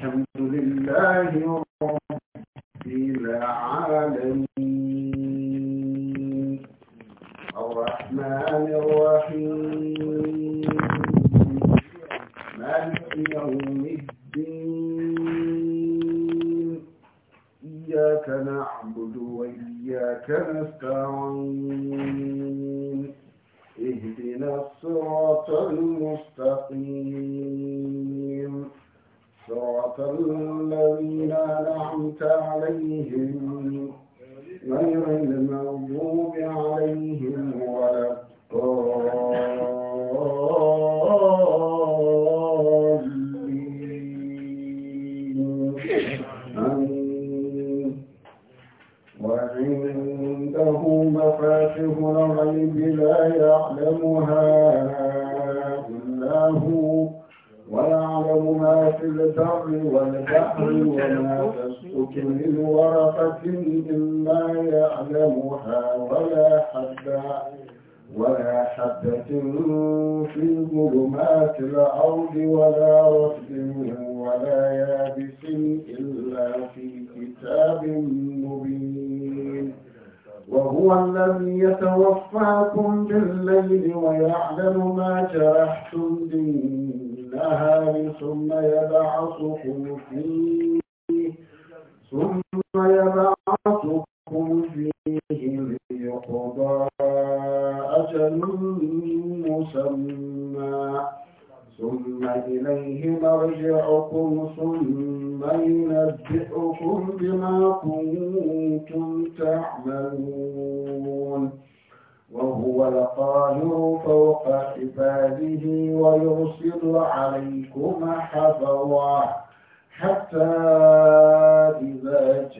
الحمد لله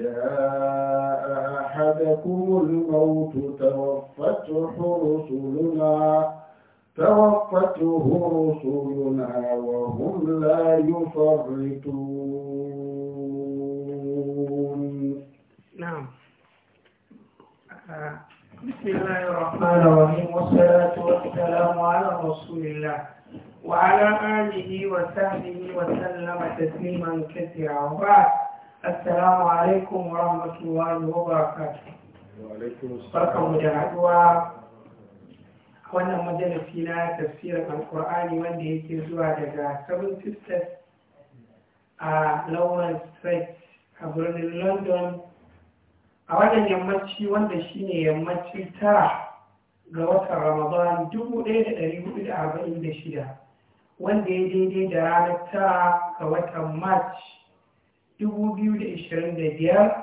جاء أحدكم الموت توفته رسلنا توفته رسلنا وهم لا يفرطون نعم بسم الله الرحمن نعم. الرحيم والصلاة والسلام على رسول الله وعلى آله وسهله وسلم تسليما كثيرا وبعد Assalamu alaikum wa rahmatullahi wa barakatuhu. Barkan mu da haɗuwa a wannan majalisi na tafsirin Alƙur'ani wanda yake zuwa daga Seven Sisters a Lawrence Street a birnin London. A wannan yammaci wanda shi ne yammaci tara ga watan Ramadan 1446 wanda ya daidai da ranar tara ga watan March 2025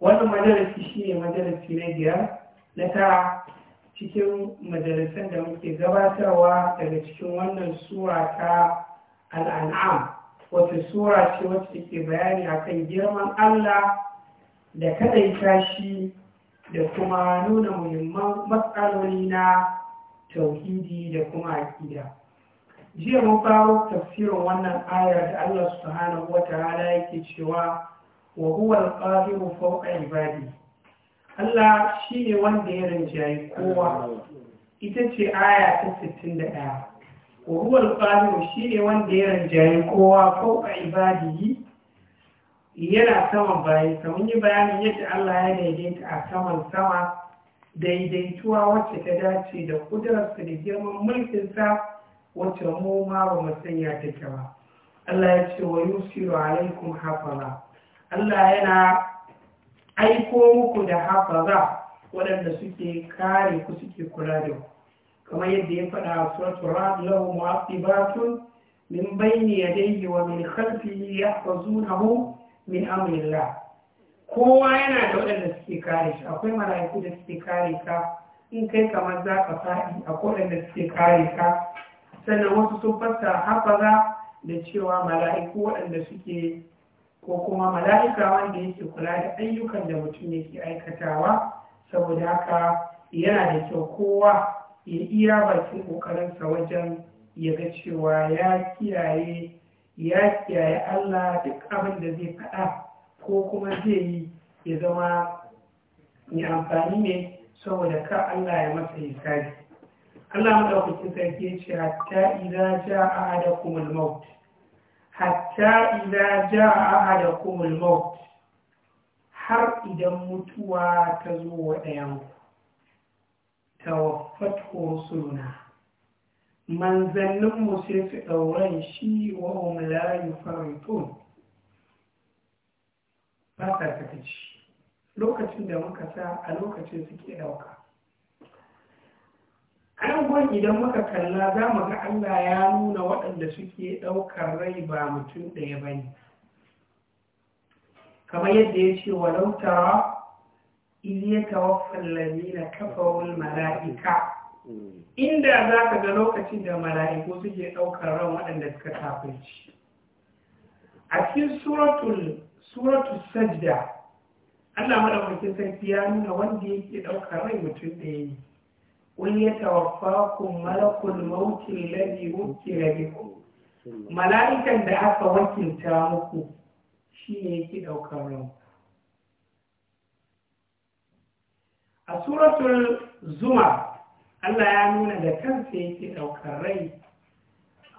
wannan majalisi shi ne majalisi na biyar na tara cikin majalisan da muke gabatarwa daga cikin wannan sura ta al'an'am wata sura ce wacce take bayani akan girman allah da kadaita shi da kuma nuna muhimman matsaloli na tauhidi da kuma Akida. jiya mun faro tafsirin wannan ayar da Allah subhanahu wa ta'ala yake cewa wa huwa al-qahiru fawqa ibadi Allah shine wanda ya rinjayi kowa ita ce aya ta 61 wa huwa al-qahiru shine wanda ya rinjaye kowa fawqa ibadi!' yana saman bayan sa mun yi bayanin yadda Allah ya daidaita a saman sama daidaituwa wacce ta dace da kudurarsa da girman mulkin mulkinsa wacce mu ma ba mu sanya take ba Allah ya ce wa yusiru alaikum hafaza Allah yana aiko muku da hafaza waɗanda suke kare ku suke kula da ku kamar yadda ya faɗa a suratu ra'd lahu mu'aqibatun min bayni yadayhi wa min khalfihi yahfazunahu min amrillah kowa yana da waɗanda suke kare shi akwai mala'iku da suke kare ka in kai kamar za ka faɗi a wadanda suke kare ka sannan wasu sun fassara za da cewa mala'iku waɗanda suke ko kuma mala'ika wanda yake kula da ayyukan da mutum yake aikatawa saboda haka yana da kyau kowa ya iya bakin ƙoƙarinsa wajen ya ga cewa ya kiyaye ya kiyaye Allah duk abin da zai faɗa ko kuma zai yi ya zama mai amfani ne saboda ka Allah ya masa hisabi Allah madaukakin sarki ya ce hatta idza jaa ahadakumul maut hatta idza jaa ahadakumul maut har idan mutuwa ta zo wa ɗayan tawaffatu rusuluna manzannin mu sai su ɗauran shi wa hum la yufarritun ba sa lokacin da muka sa a lokacin suke ɗauka an idan muka kalla za mu ga Allah ya nuna waɗanda suke ɗaukar rai ba mutum ɗaya ba ne kamar yadda ya ce wa lautara iya tawaffan lalina kafawar mala'ika inda za ka ga lokacin da mala'iku suke ɗaukar ran waɗanda suka kafirci a cikin suratul sajda Allah maɗaukacin sarki ya nuna wanda yake ɗaukar rai mutum ɗaya ne قل يتوفاكم ملك الموت الذي وكل بكم mala'ikan da aka wakilta muku shi ne yake ɗaukar ranku a suratul zuma Allah ya nuna da kansa yake ɗaukar rai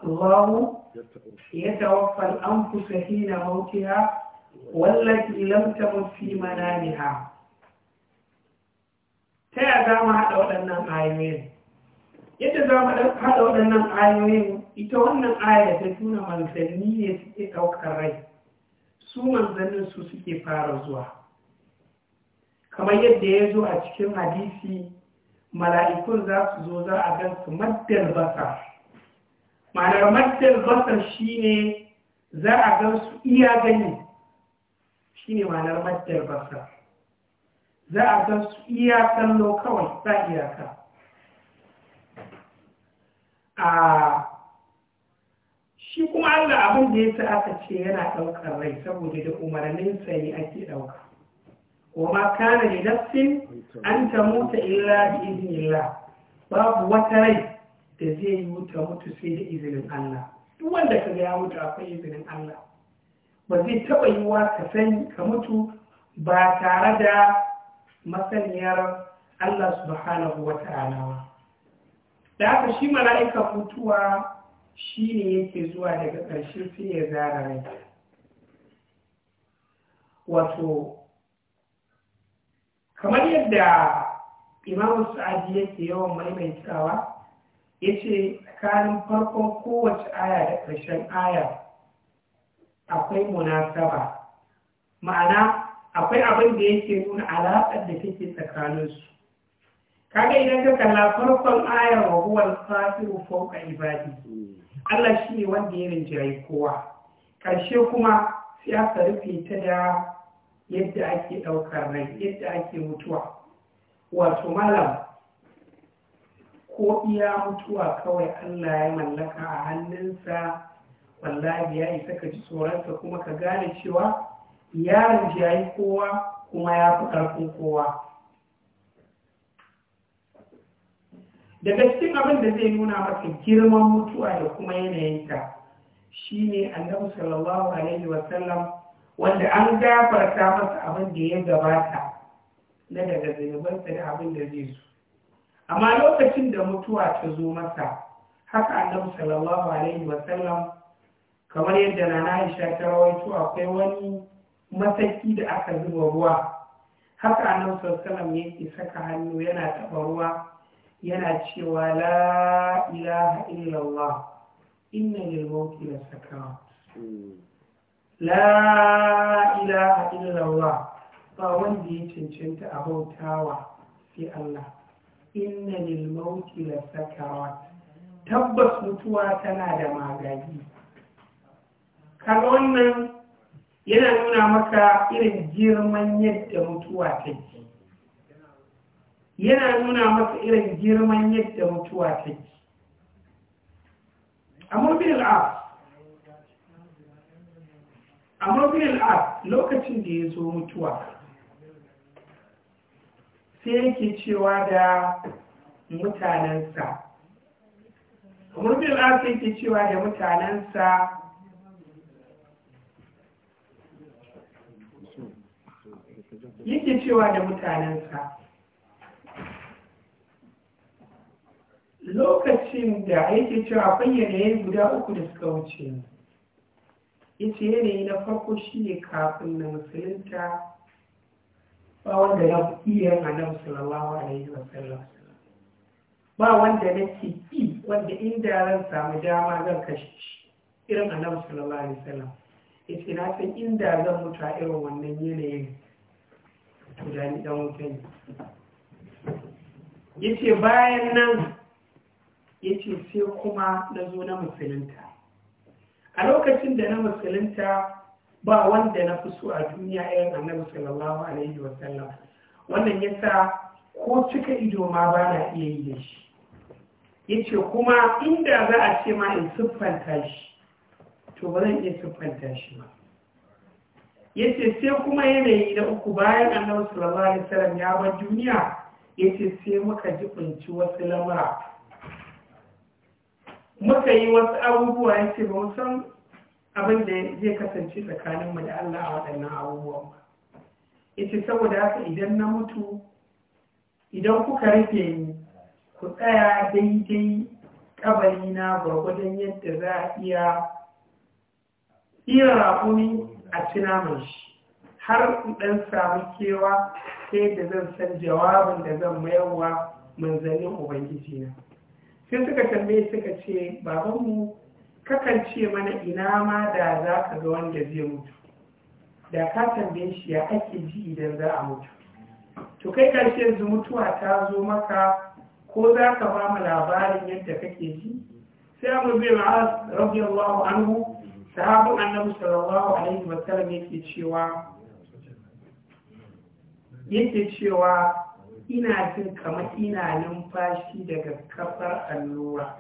Allahu ya tawaffal an fusa hina mautiha wallaki lam tamut fi manamiha ta ya za mu haɗa waɗannan ayoyin yadda za mu haɗa waɗannan ayoyin ita wannan aya ta tuna manzanni ne suke ɗaukar rai su manzannin su suke fara zuwa kamar yadda ya zo a cikin hadisi mala'ikun za su zo za a gan su maddar basa ma'anar basa shi ne za a gan su iya gani ne ma'anar maddar basa za a ga su iya kallo kawai ba iyaka a shi kuma allah abin da ya sa aka ce yana ɗaukar rai saboda da umarnin sai ake ɗauka Koma kana da nafsin an ta tamuta illa bi iznillah babu wata rai da zai yi ta mutu sai da izinin Allah duk wanda ka ya mutu akwai izinin Allah ba zai taba yi wa ka sani ka mutu ba tare da masaniyar Allah subhanahu wa ta'ala da haka shi mala'ika mutuwa shi ne yake zuwa daga ƙarshen fiye zara rai wato kamar yadda Imam Suadi yake yawan maimaitawa ya ce tsakanin farkon kowace aya da ƙarshen aya akwai munasaba ma'ana akwai abin da yake nuna alaƙar da take tsakaninsu kaga idan ka kalla farkon ayar wa huwa al safiru fawqa ibadi Allah shi ne wanda ya rinjayi kowa karshe kuma sai a rufe ta da yadda ake ɗaukar rai yadda ake mutuwa wato malam ko iya mutuwa kawai Allah ya mallaka a hannunsa wallahi ya isa ka ji tsoronsa kuma ka gane cewa ya yi kowa kuma ya fi ƙarfin kowa daga cikin abin da zai nuna maka girman mutuwa da kuma yanayinta shine annabi sallallahu alaihi wasallam wanda an gafarta masa abin da ya gabata na daga zinubarsa da abin da zai zo amma lokacin da mutuwa ta zo masa haka annabi sallallahu alaihi wasallam kamar yadda na Aisha ta rawaito akwai wani mataki da aka zuba ruwa haka nan sallallahu yake saka hannu yana taɓa ruwa yana cewa la ilaha illallah inna lil mauti la sakarat la ilaha illallah ba wanda ya cancanta a bautawa sai Allah inna lil mauti la sakarat tabbas mutuwa tana da magani kaga wannan yana nuna maka irin girman yadda mutuwa take yana nuna maka irin girman yadda mutuwa take amur bin al'ad amur bin al'ad lokacin da ya zo mutuwa sai yake cewa da mutanensa amur bin al'ad sai yake cewa da mutanensa yake cewa da mutanensa lokacin da yake cewa bayyana yayi guda uku da suka wuce yace yanayi na farko shine kafin na musulunta ba wanda na iya annabi sallallahu alaihi wasallam ba wanda na ke fi wanda inda zan samu dama zan kashe shi irin annabi sallallahu alaihi wasallam yace na san inda zan mutu a irin wannan yanayin to dan wuta ne yace bayan nan yace sai kuma na zo na musulunta a lokacin da na musulunta ba wanda na fi so a duniya irin annabi sallallahu alaihi wa sallam wannan yasa ko cika ido ma ba na iya yi da shi yace kuma inda za a ce ma in siffanta shi to ba zan iya siffanta shi ba yace sai kuma yanayi da uku bayan annabi sallallahu alaihi wasallam ya ba duniya yace sai muka ji kunci wasu lamura muka yi wasu abubuwa yace ba mu san abin da zai kasance tsakanin mu da Allah a waɗannan abubuwan ba yace saboda haka idan na mutu idan kuka rufe ni ku tsaya daidai kabarina na gwargwadon yadda za a iya iya rafuni a naman shi har ɗan samu kewa sai da zan san jawabin da zan mayarwa manzannin ubangiji na sai suka tambaye suka ce babanmu kakan ce mana ina ma da za ka ga wanda zai mutu da ka tambaye shi ya ake ji idan za a mutu to kai karshe yanzu mutuwa ta zo maka ko za ka ba mu labarin yadda kake ji sai abu bai ma'az rabbi anhu sahabin annabi sallallahu alaihi sallam yake cewa yake cewa ina jin kamar ina numfashi daga kafar allura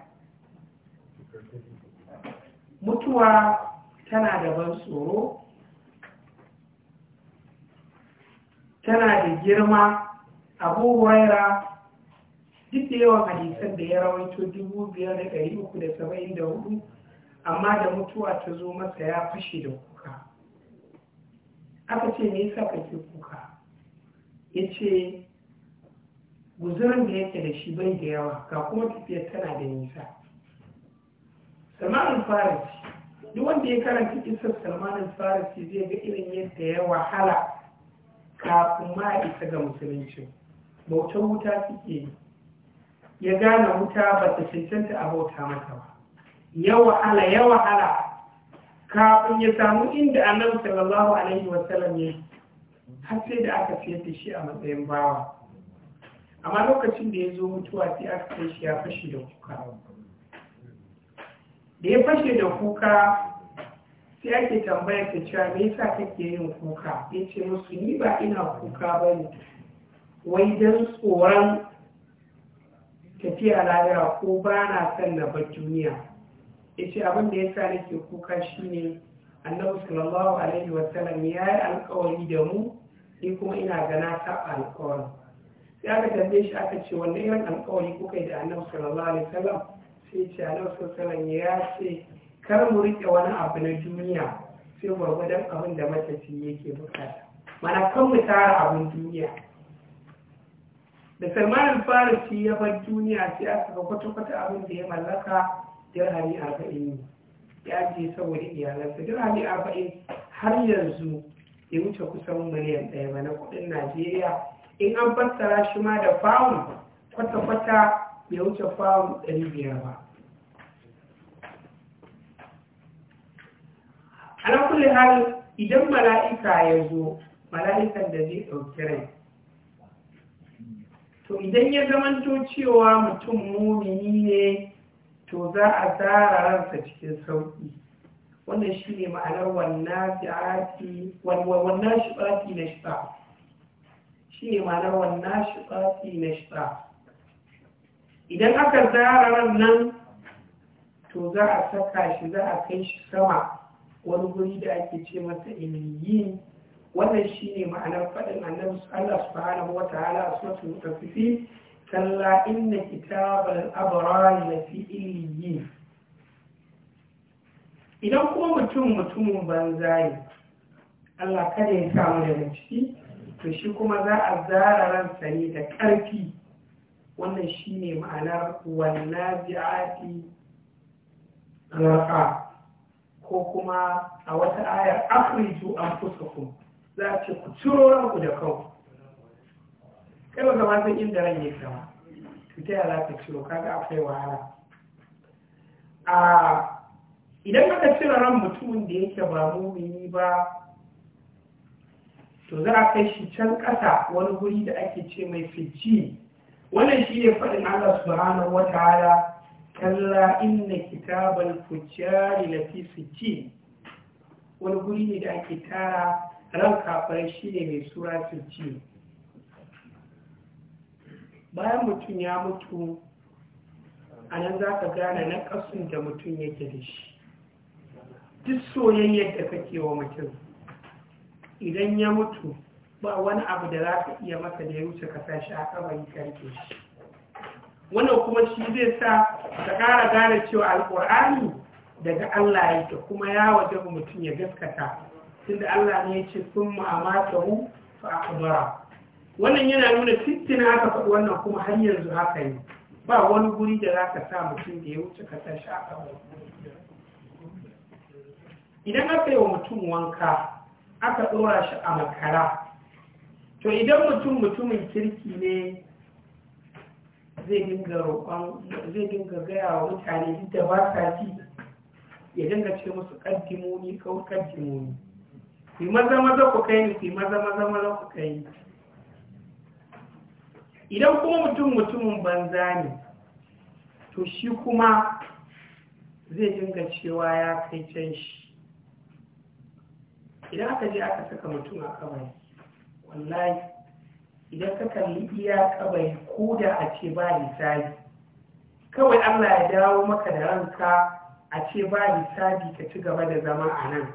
mutuwa tana da ban tsoro tana da girma abu waira duk da yawan hadisan da ya rawaito 5,374 amma da mutuwa ta zo masa ya fashe da kuka aka ce me yasa kake kuka ya ce guzurin da yake da shi bai da yawa ga kuma tafiyar tana da nisa salmanin farisi duk wanda ya karanta isar salmanin farisi zai ga irin yadda ya wahala kafin ma isa ga musulunci bautar wuta suke ya gane wuta ba ta cancanta a bauta mata ba ya wahala ya wahala kafin ya samu inda annabi sallallahu alaihi sallam ya har sai da aka fiye da shi a matsayin bawa amma lokacin da ya zo mutuwa sai aka kai shi ya fashe da kuka da ya fashe da kuka sai ake tambaya ta cewa me yasa kake yin kuka ya ce musu ni ba ina kuka ba ne wai don tsoron tafiya lahira ko ba na son na bar duniya yace abin da yasa nake kuka shine annabi sallallahu alaihi wasallam ya yi alkawari da mu ni kuma ina gana ta alkawari sai aka tambaye shi aka ce wanne irin alkawari kuka yi da annabi sallallahu alaihi wasallam sai ce annabi sallallahu alaihi wasallam ya ce kar mu rike wani abu na duniya sai gwargwadon abin da matafi yake bukata mana kan mu tara abin duniya da sarmanin farisi ya bar duniya sai aka ga kwata-kwata abin da ya mallaka dirhami arba'in ya ce saboda iyalansa dirhami arba'in har yanzu ya wuce kusan miliyan ɗaya ba na kuɗin najeriya in an fassara shi ma da fawun kwata-kwata ya wuce fawun ɗari biyar ba na kulle hal idan mala'ika ya zo mala'ikan da zai ɗauki rai to idan ya zamanto cewa mutum mumini ne to za a tsara ransa cikin sauƙi wannan shi ne ma'anar wannan fi'ati wannan na shiɓa shi ne ma'anar wannan shiɓati na shiɓa idan aka tsara ran to za a saka shi za a kai shi sama wani guri da ake ce masa iliyin wannan shi ne ma'anar faɗin annabi Allah su subhanahu wa ta'ala a suratul mutaffifin كلا إن كتاب الأبرار لفي إليين idan kuma mutum mutumin banza ne Allah kada ya samu daga ciki to shi kuma za a zara ransa ne da ƙarfi wannan shi ne ma'anar wanna bi'ati raka ko kuma a wata ayar afriju an fusa ku za a ku ciro ranku da kau. kai ba ma san inda ran yake kama to ta yaya ta ciro kaga akwai wahala a idan aka cire ran mutumin da yake ba mumini ba to za a kai shi can ƙasa wani guri da ake ce mai fiji wannan shi ne faɗin Allah subhanahu wa ta'ala kalla inna kitabal fujjari lafi fiji wani guri ne da ake tara ran kafar shi ne mai sura fiji bayan mutum ya mutu a nan za ka gane na ƙasun da mutum yake da shi duk soyayyar da kake wa mutum idan ya mutu ba wani abu da za ka iya masa da ya wuce ka sa shi a kabari karfe shi wannan kuma shi zai sa ka ƙara gane cewa alƙur'ani daga Allah ya ta kuma ya waje mutum ya gaskata tunda Allah ne ya ce sun ma'amata hu fa akbara wannan yana nuna sittin aka faɗi wannan kuma har yanzu haka ne ba wani guri da za ka sa mutum da ya wuce kasar shi aka idan aka yi wa mutum wanka aka ɗora shi a makara to idan mutum mutumin kirki ne zai dinga roƙon zai dinga gaya wa mutane duk da ba sa ji ya dinga ce musu kaddimoni ko kaddimoni ku maza maza ku kai ni ku maza maza maza ku kai ni idan kuma mutum mutumin banza ne to shi kuma zai dinga cewa ya kai can shi idan aka je aka saka mutum a kabari wallahi idan ka kalli iya kabari ko da a ce ba lissafi kawai allah ya dawo maka da ranka a ce ba lissafi ka ci gaba da zama a nan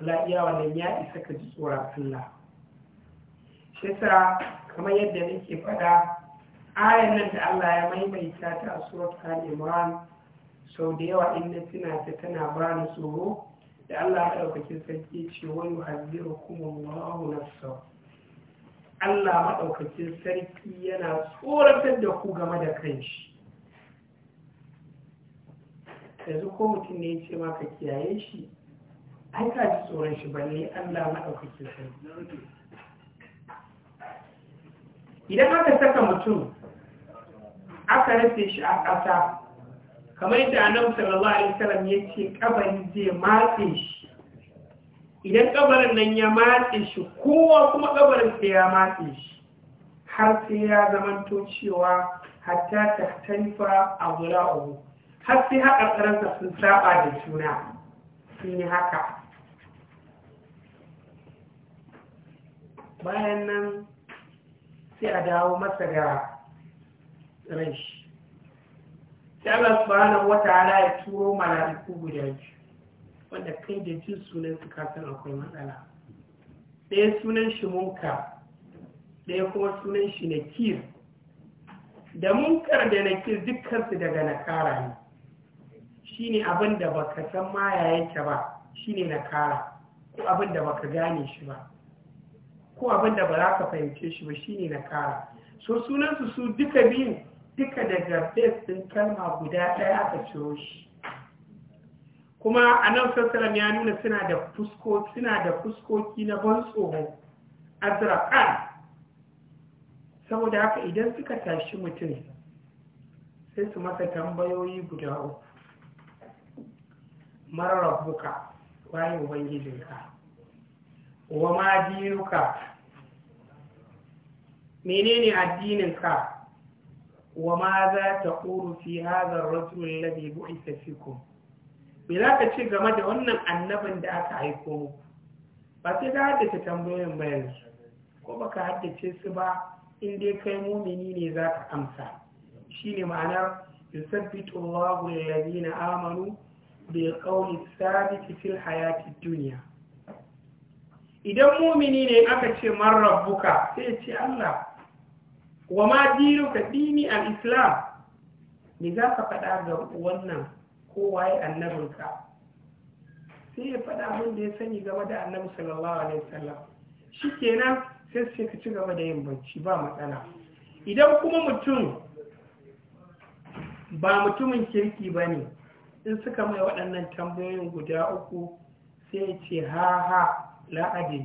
wallahi iya wannan ya isa ka ji tsoron allah shi kamar yadda nake faɗa ayan nan da Allah ya maimaita ta a surat al-imran sau da yawa in na tuna ta tana ba ni tsoro da Allah maɗaukakin sarki ce wa yuhazzirukum Allahu nafsahu Allah maɗaukakin sarki yana tsoratar da ku game da kanshi yanzu ko mutum ne ya ce maka kiyaye shi ai ka tsoron shi balle Allah maɗaukakin sarki idan aka saka mutum aka rufe shi a ƙasa kamar yadda annabi sallallahu alaihi wasallam ya kabari zai matse shi idan kabarin nan ya matse shi kowa kuma kabarin sai ya matse shi har sai ya zamanto cewa hatta ta taifa a uku, har sai haka tsaransa sun saba da juna sun yi haka bayan nan sai a dawo masa da ran shi sai Allah subhanahu wa ta'ala ya turo mala'iku guda biyu wanda kai da jin sunan su san akwai matsala ɗaya sunan shi munka ɗaya kuma sunan shi nakir da munkar da nakir dukkansu daga nakara ne shine abin da baka san ma yake ba shine nakara ko abin da baka gane shi ba ko abin da ba za ka fahimce shi ba shine na kara so sunan su duka biyun duka daga bes ɗin kalma guda ɗaya aka ciro shi kuma a nan sassalam ya nuna suna da fuskoki suna da fuskoki na ban tsoro azraqan saboda haka idan suka tashi mutum sai su masa tambayoyi guda uku marar buka waye ubangijinka wa ma dinuka menene addininka wa ma za ta ƙuru fi hazar rasul lade bu'isa fikum me za ka ce game da wannan annabin da aka aiko ba sai ka haddace tambayoyin bayan ko ba ka haddace su ba in dai kai mumini ne za ka amsa shi ne ma'anar yusabbitu Allahu alladhina amanu bil qawli thabiti fil hayati dunya idan mumini ne aka ce man rabbuka sai ce Allah wa ma ka dini al-islam me za ka faɗa ga wannan kowa ya annabinka sai ya faɗa abin da ya sani game da annabi sallallahu alaihi wasallam kenan sai sai ka ci gaba da yin bacci ba matsala idan kuma mutum ba mutumin kirki ba ne in suka mai waɗannan tambayoyin guda uku sai ce ha ha la'adi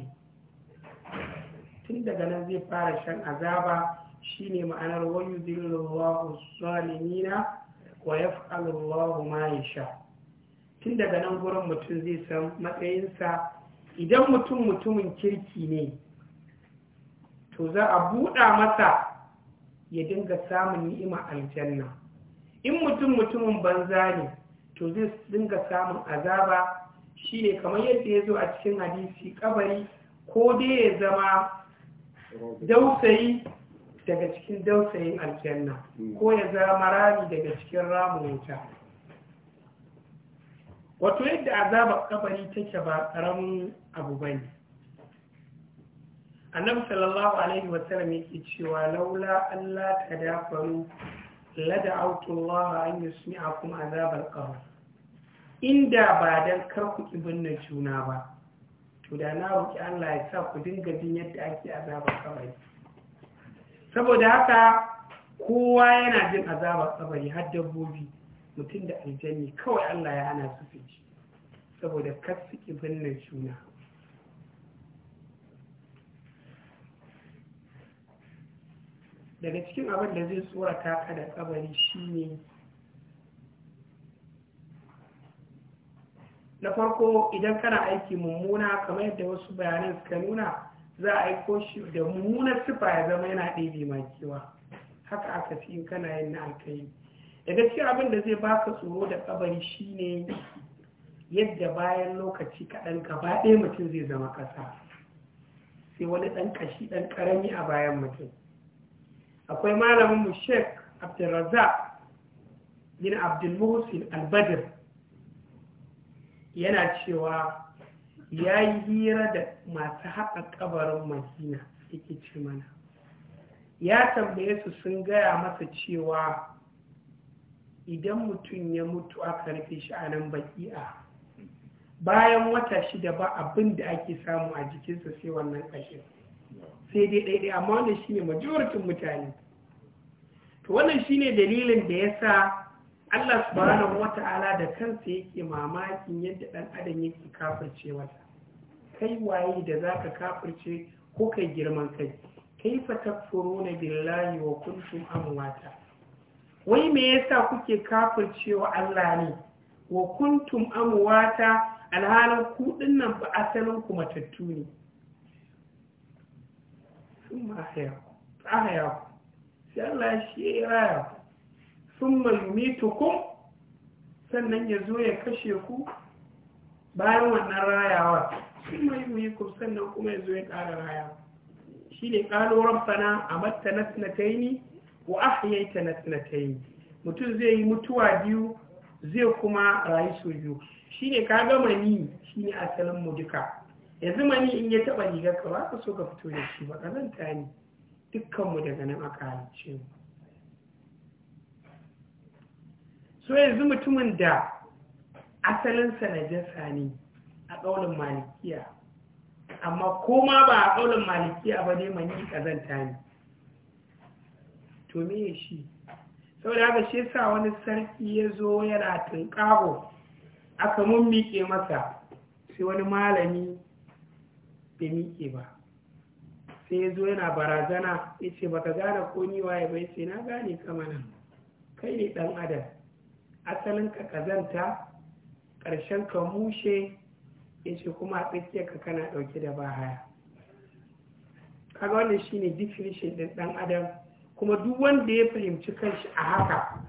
tun daga nan zai fara shan azaba shine ma'anar wayu zillallahu zalimina wa ya Allahu ma tun daga nan gurin mutum zai san matsayinsa idan mutum mutumin kirki ne to za a buɗa masa ya dinga samun ni'ima aljanna in mutum mutumin banza ne to zai dinga samun azaba shine kamar yadda ya zo a cikin hadisi kabari ko dai ya zama dausayi daga cikin dausayin aljanna ko ya zama rami daga cikin ramin wuta wato yadda azabar kabari take ba karamin abu bane annabi sallallahu alaihi wasallam yake cewa laula Allah ta dafaru lada autullaha an yusmi'akum azabar qabr inda ba don kar ku ki binne juna ba to da na roƙi Allah ya sa ku dinga jin yadda ake azaba kawai. saboda haka kowa yana jin azaba sabari har dabbobi mutum da aljanni kawai Allah ya hana su su saboda kar su ki binne juna daga cikin abin da zai tsorata ka da kabari shine na farko idan kana aiki mummuna kamar yadda wasu bayanan suka nuna za a aiko shi da mummunar sifa ya zama yana ɗebe kewa. haka aka fi in kana yin na alkai daga cikin abin da zai baka tsoro da kabari shine yadda bayan lokaci kaɗan gaba ɗaya mutum zai zama ƙasa sai wani ɗan ƙashi ɗan ƙarami a bayan mutum akwai malamin mu sheikh abdulrazak bin abdul al badr yana cewa ya yi hira da masu haƙa ƙabarin madina yake ce mana ya tambaye su sun gaya masa cewa idan mutum ya mutu aka rufe shi a nan baki'a bayan wata shida ba abinda da ake samu a jikinsa sai wannan ƙashin sai dai ɗaiɗai amma wannan shine majoritin mutane to wannan shine dalilin da ya sa Allah subhanahu wata'ala da kansa yake mamakin yadda ɗan adam yake kafirce mata kai waye da zaka kafirce ko kai girman kai kaifa takfuruna billahi wa kuntum amwata wai me yasa kuke kafircewa Allah ne wa kuntum amwata alhalin ku dinnan ba asalin ku matattu ne sun ma haya sai Allah shi ya raya thumma yumitukum sannan ya zo ya kashe ku bayan wannan rayawa thumma yumitukum sannan kuma ya zo ya ƙara rayawa shine qalu rabbana amatta nasnataini wa na nasnataini mutum zai yi mutuwa biyu zai kuma rayu sau biyu shine ka ga mani a asalin mu duka yanzu mani in ya taɓa rigar ka ba ka so ka fito da shi ba kazanta ne dukkanmu daga nan aka halicce mu so yanzu mutumin da asalinsa jasa ne a tsaunin malikiya amma koma ba a ƙaunin malikiya ba ne mani ƙazanta ne to me shi saboda haka shi sa wani sarki ya zo yana tunƙaho aka miƙe masa sai wani malami bai miƙe ba sai ya zo yana barazana ya ce ba ka gane ko ni waye bai ce na gane kama nan kai ne ɗan adam asalin ka kazanta ƙarshen ka mushe ya ce kuma a tsakiyar ka kana ɗauke da bahaya kaga wannan shine definition ɗin ɗan adam kuma duk wanda ya fahimci kanshi a haka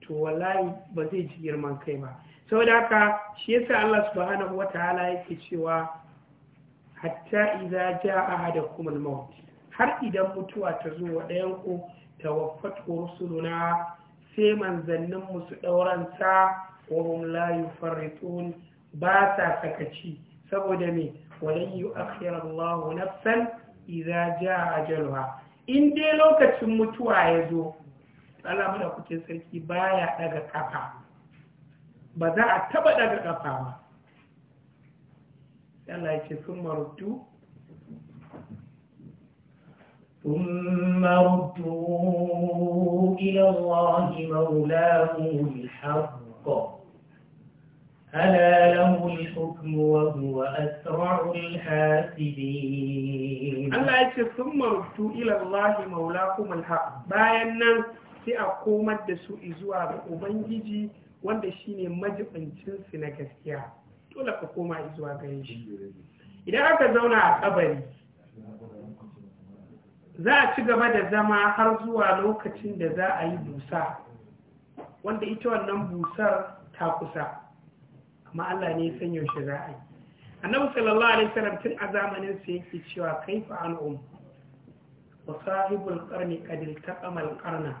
to wallahi ba zai ji girman kai ba saboda haka shi yasa Allah subhanahu wataala yake cewa hatta idza jaa ahadakum al-maut har idan mutuwa ta zo wa ɗayan ku tawaffatu rusuluna sai manzanninmu su ɗauranta wa layu la ba sa sakaci saboda me walan yu'akhir Allahu nafsan ja a jalwa. in dai lokacin mutuwa ya zo Allah da kuke sarki baya daga kafa ba za a taɓa daga ƙafa ba Allah ce sun marutu ثم ردوا إلى الله مولاهم الحق ألا له الحكم وهو أسرع الحاسبين الله يقول ثم ردوا إلى الله مولاكم الحق باينا sai a komar da su zuwa ga Ubangiji wanda shine majibincinsu na gaskiya dole ka koma zuwa gare shi idan aka zauna a kabari za a ci gaba da zama har zuwa lokacin da za a yi busa wanda ita wannan busar ta kusa amma Allah ne san yaushe za a yi annabi sallallahu alaihi wasallam tun a zamanin sa yake cewa kaifa an um wa sahibul qarni qad iltaqama al qarna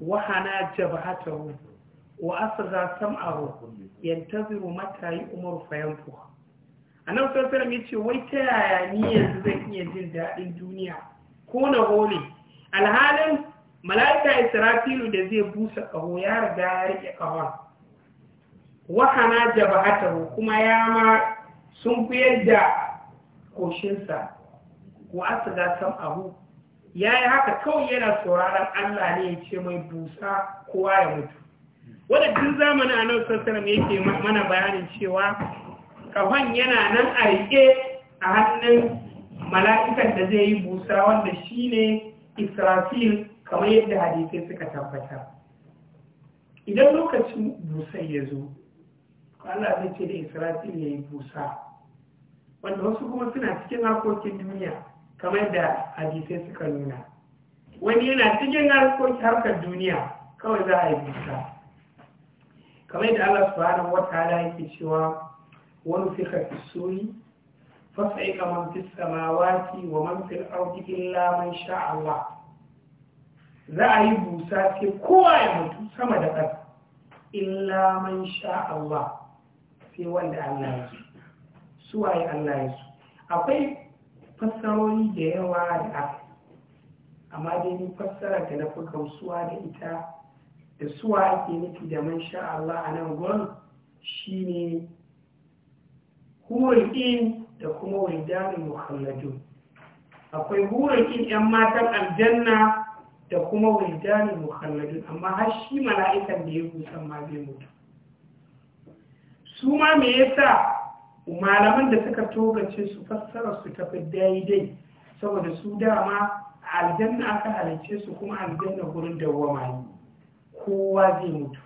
wa hana jabhatahu wa asgha sam'ahu yantaziru mata yu'mar fayanfuha annabi sallallahu alaihi wasallam yace wai ta yaya ni yanzu zan iya jin daɗin duniya kona holi alhalin mala'ika israfilu da zai busa kaho ya riga ya rike kahon wahana jaba'atahu kuma ya ma sun fiye da koshinsa wa ga sam abu ya yi haka kawai yana sauraron Allah ne ya ce mai busa kowa ya mutu wadda din zamani a nan sassanin yake mana bayanin cewa kahon yana nan a rike a hannun mala'ikan da zai yi busa wanda shi ne israfil kamar yadda hadisai suka tabbata idan lokacin busa ya zo Allah zai ce da israfil ya yi busa wanda wasu kuma suna cikin harkokin duniya kamar yadda hadisai suka nuna wani yana cikin harkar duniya kawai za a yi busa kamar yadda Allah su subhanahu wata ta'ala yake cewa wani fi suri فصعق من في السماوات ومن في الأرض إلا من شاء الله za a yi busa sai kowa ya mutu sama da ƙasa illa man sha sai wanda Allah ya so suwaye Allah ya so akwai fassarori da yawa da aka amma dai ni fassara da na fi gamsuwa da ita da suwa ake nufi da man sha a nan gurin shine hurul in da kuma wildanul mukhalladun akwai kin yan matan aljanna da kuma wildanul mukhalladun amma har shi mala'ikan da ya kusan ma zai mutu su ma me yasa malaman da suka togace su fassara su tafi daidai saboda su dama aljanna aka halice su kuma aljanna gurin dawwama ne kowa zai mutu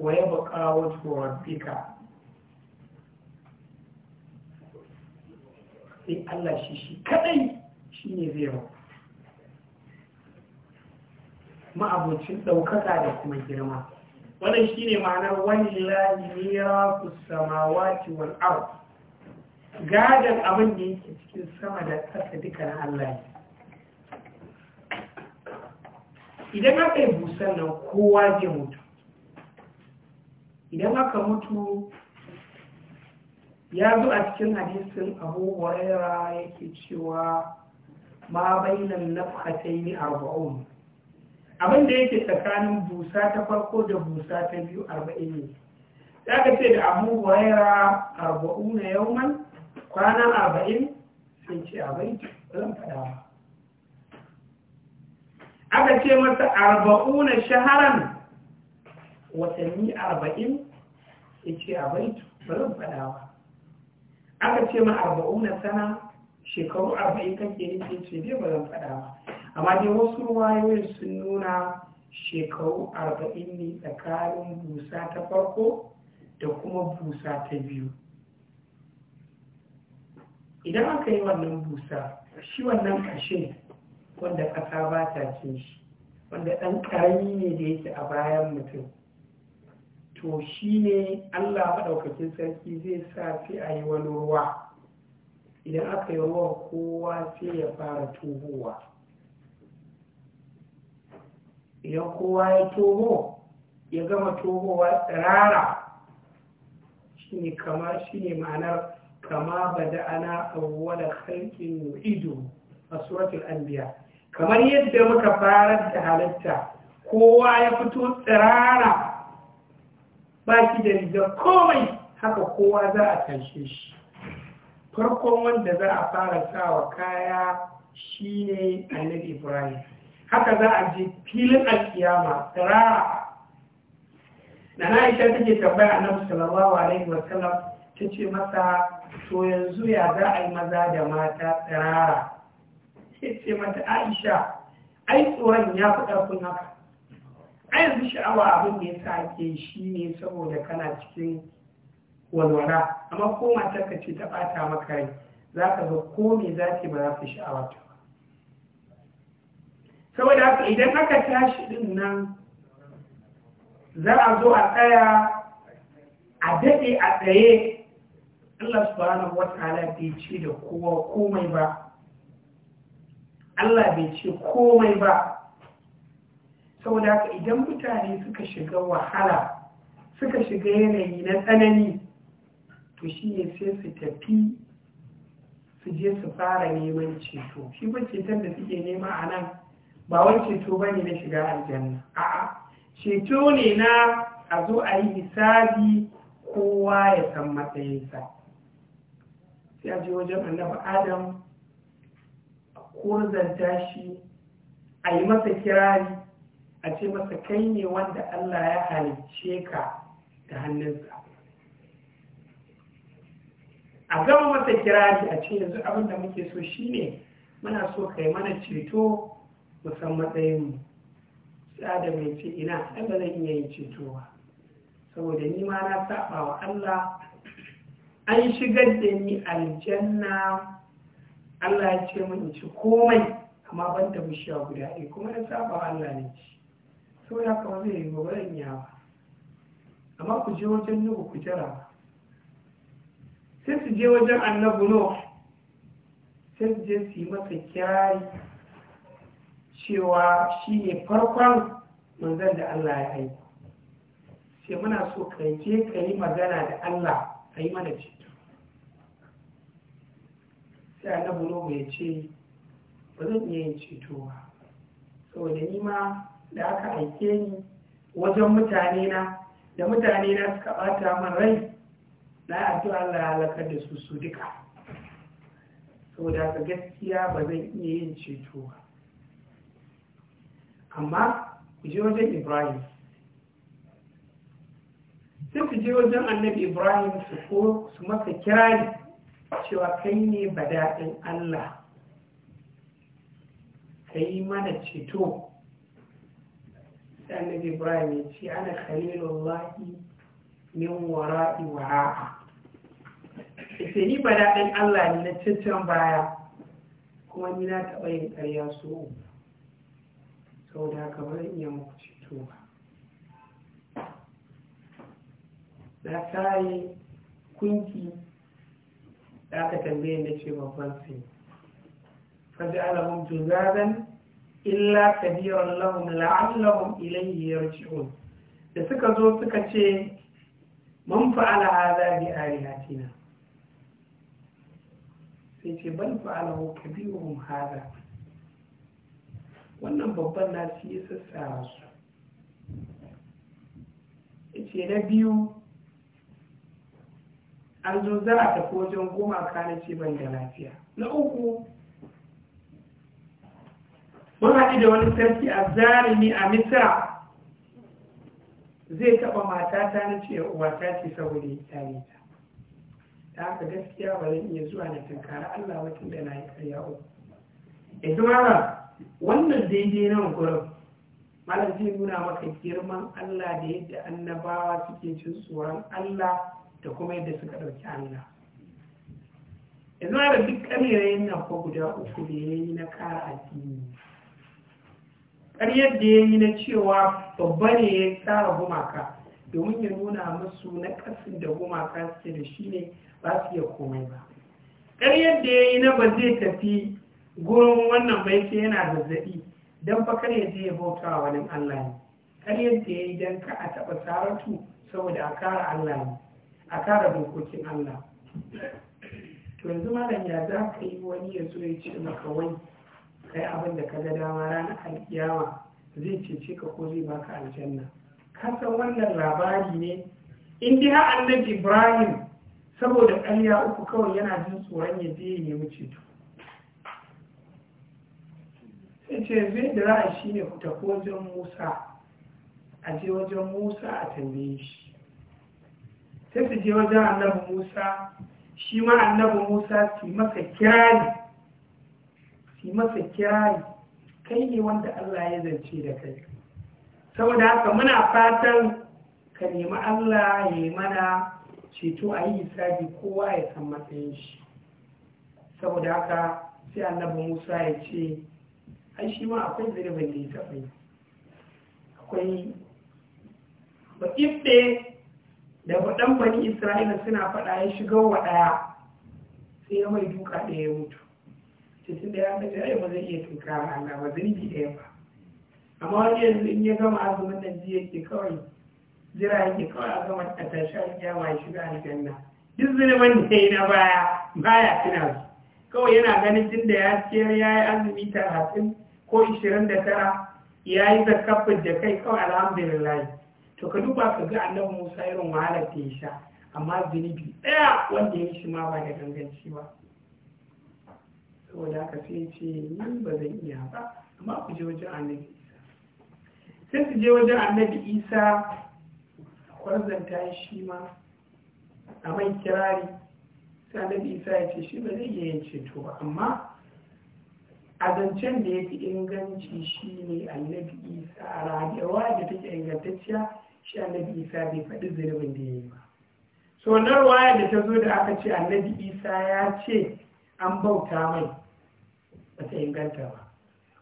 wa ya baka wasu rabbika sai Allah shi shi kadai shi ne zai rabu ma'abocin ɗaukaka da kuma girma wannan shi ne ma'anar wani wallahi ya ku samawati wal ard gadon abin da yake cikin sama da ƙasa duka na Allah ne idan aka yi busan nan kowa zai mutu idan aka mutu ya zo a cikin hadisin abu huraira yake cewa ma bainan nafhataini arba'un abin da yake tsakanin busa ta farko da busa ta biyu arba'in ne Ya ka ce da abu huraira yau yauman kwana arba'in sai ce abai zan faɗa aka ce masa na shaharan watanni arba'in sai ce abai zan faɗa aka ce ma arba'una sana shekaru arba'in kake nufi ce dai ba zan faɗa ba amma dai wasu ruwayoyin sun nuna shekaru arba'in ne tsakanin busa ta farko da kuma busa ta biyu idan aka yi wannan busa shi wannan kashe wanda ƙasa ba ta cin shi wanda ɗan ƙarami ne da yake a bayan mutum to shi ne allah maɗaukacin sarki zai sa sai a yi wani ruwa idan aka yi ruwa kowa sai ya fara tuhowa idan kowa ya toho ya gama tohowa tsirara shi ne kama shi ne ma'anar kama ba da ana awwala halkin ido a suratul anbiya kamar yadda muka fara da halitta kowa ya fito tsirara ba shi da rigar komai haka kowa za a tashe shi farkon wanda za a fara sawa kaya shi shine annabi ibrahim haka za a je filin alkiyama tsirara da na aisha take tambaya annabi sallallahu alaihi wasallam ta ce masa to yanzu ya za a yi maza da mata tsirara sai ce mata aisha ai tsoron ya fi ɗarfin haka a yanzu sha'awa abin da ya sa ake shi ne saboda kana cikin walwala amma ko ka ce ta bata maka rai za ka ga ko me za ta ba za ta sha'awa ta ba saboda haka idan aka tashi din nan za a zo a tsaya a daɗe a tsaye Allah subhanahu wataala bai ce da kowa komai ba Allah bai ce komai ba saboda haka idan mutane suka shiga wahala suka shiga yanayi na tsanani to shi ne sai su tafi su je su fara neman ceto shi ba ceton da suke nema a nan ba wani ceto ba ne na shiga aljanna a'a ceto ne na a zo a yi hisabi kowa ya san matsayinsa sai a je wajen annabi adam a kurzanta shi a yi masa kirari a ce masa kai ne wanda Allah ya halicce ka da hannunsa a gama masa kirari a ce yanzu abin da muke so shine muna so kai mana ceto musan matsayinmu tsada mai ce ina ɗan zan iya yin ceto saboda ni ma na saba wa Allah an shigar da ni aljanna Allah ya ce mun ci komai amma ban da bishiya guda ɗaya kuma na saba wa Allah ne ci sau ya kama zai yi gobe yin yawa amma ku je wajen nuhu ku jira sai su je wajen annabu no sai su je su yi masa kirari cewa shi ne farkon manzan da Allah ya yi sai muna so ka je ka yi magana da Allah a yi mana ceto sai annabu no ya ce ba zan iya yin ceto ba saboda ni ma da aka aike ni wajen mutane na da mutane na suka bata min rai na addu'a Allah ya halakar da su su duka saboda ka gaskiya ba zan iya yin ceto ba amma ku je wajen Ibrahim sai ku je wajen annabi Ibrahim su ko su masa ni, cewa kai ne badaɗin Allah ka yi mana ceto sai annabi ibrahim ya ce ana khalilullahi min wara'i wara'a ita ni ba daɗin allah ne na cancan baya kuma ni na taɓa yin ƙarya so saboda haka bari iya muku ceto ba na tsaye kunki da aka tambaye na ce babban sai faji alamun juzazan illa kabiran lahum la'allahum ilayhi yarji'un da suka zo suka ce mun fa'ala hadha bi alihatina sai ce bal fa'alahu kabiruhum hadha wannan babban nasu ya sassara su ce na biyu an zo za ta kojin wajen goma kana ce ban da lafiya na uku mun haɗi da wani sarki a zalimi a misra zai taɓa matata na ce uwata ce saboda ya yi ta ta haka gaskiya ba zan iya zuwa na tankara allah mutum da na yi karya uku zama mara wannan daidai nan gurin malam zai nuna maka girman allah da yadda annabawa suke cin tsoron allah da kuma yadda suka ɗauki allah zama mara duk ƙarerayen nan fa guda uku da ya yi na kara addini ƙaryar da ya yi na cewa babba ne ya tsara gumaka domin ya nuna musu na ƙasin da gumaka suke da shi ne ba su iya komai ba ƙaryar da ya yi na ba zai tafi gurin wannan bai ce yana zazzaɓi don fa kar ya je ya bauta wa wani allah ne ƙaryar da ya yi don ka a taɓa saratu saboda a kara allah ne a kara dokokin allah to yanzu malam ya za ka yi wani ya zo ya ce maka wani kai abin da ka ga dama ranar alkiyama zai cece ka ko zai baka aljanna kasan wannan labari ne in dai har annabi ibrahim saboda ƙarya uku kawai yana jin tsoron ya je ya wuce ceto sai ce zai da ra'ayi shi ne ku tafi wajen musa a je wajen musa a tambaye shi sai su je wajen annabi musa shi ma annabi musa su masa kirari yi masa kirari kai ne wanda Allah ya zance da kai saboda haka muna fatan ka nemi Allah ya yi mana ceto a yi hisabi kowa ya san matsayin shi saboda haka sai annabi Musa ya ce ai shi ma akwai zirbin da ya taɓa yi akwai baƙiɗe da faɗan bani Isra'ila suna faɗa ya shiga wa ɗaya sai ya mai duka ɗaya ya mutu cikin da ya kace ai ba zai iya tunkara Allah ba zunubi ɗaya ba amma wani yanzu in ya gama azumin nan ji yake kawai jira yake kawai a gama a tashi alƙiyama ya shiga aljanna duk zunuban da ya na baya baya tuna su kawai yana ganin tun da ya ciyar ya yi azumi talatin ko ishirin da tara ya yi zakafin da kai kawai alhamdulillah to ka duba ka ga annabi musa irin wahalar da ya sha amma zunubi ɗaya wanda ya yi shi ma ba da ganganci ba saboda haka sai ce ni ba zan iya ba amma ku je wajen annabi isa sai su je wajen annabi isa kwarzanta shi ma a mai kirari sai annabi isa ya ce shi ba zai iya yin ceto ba amma a zancen da ya fi inganci shi ne annabi isa a rayuwa da take ingantacciya shi annabi isa bai faɗi zunubin da ya yi ba so na da ta zo da aka ce annabi isa ya ce an bauta mai bata ta inganta ba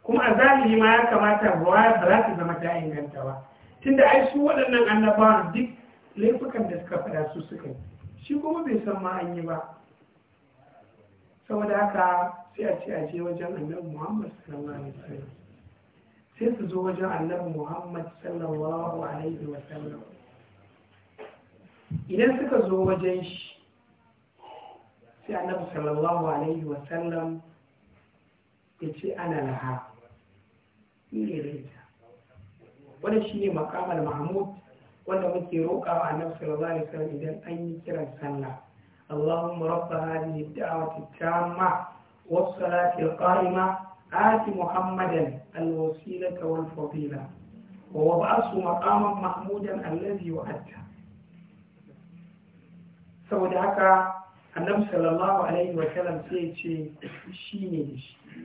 kuma a zahiri ma ya kamata ruwa ba za ta zama ta inganta ba tunda ai su waɗannan annabawan duk laifukan da suka fada su suka yi shi kuma bai san ma an yi ba saboda haka sai a ce a je wajen annabi muhammad sallallahu alaihi wasallam sai su zo wajen annabi muhammad sallallahu alaihi wasallam idan suka zo wajen shi sai annabi sallallahu alaihi wasallam ya ce ana laha irinta wani shi ne makamar mahmud wanda muke roƙa a annabi sallallahu idan an yi kiran sallah اللهم رب هذه الدعوة التامة والصلاة القائمة آت محمدا الوسيلة والفضيلة ووضعه مقاما محمودا الذي وعدته saboda haka annabi sallallahu alaihi wa sallam sai ce shi ne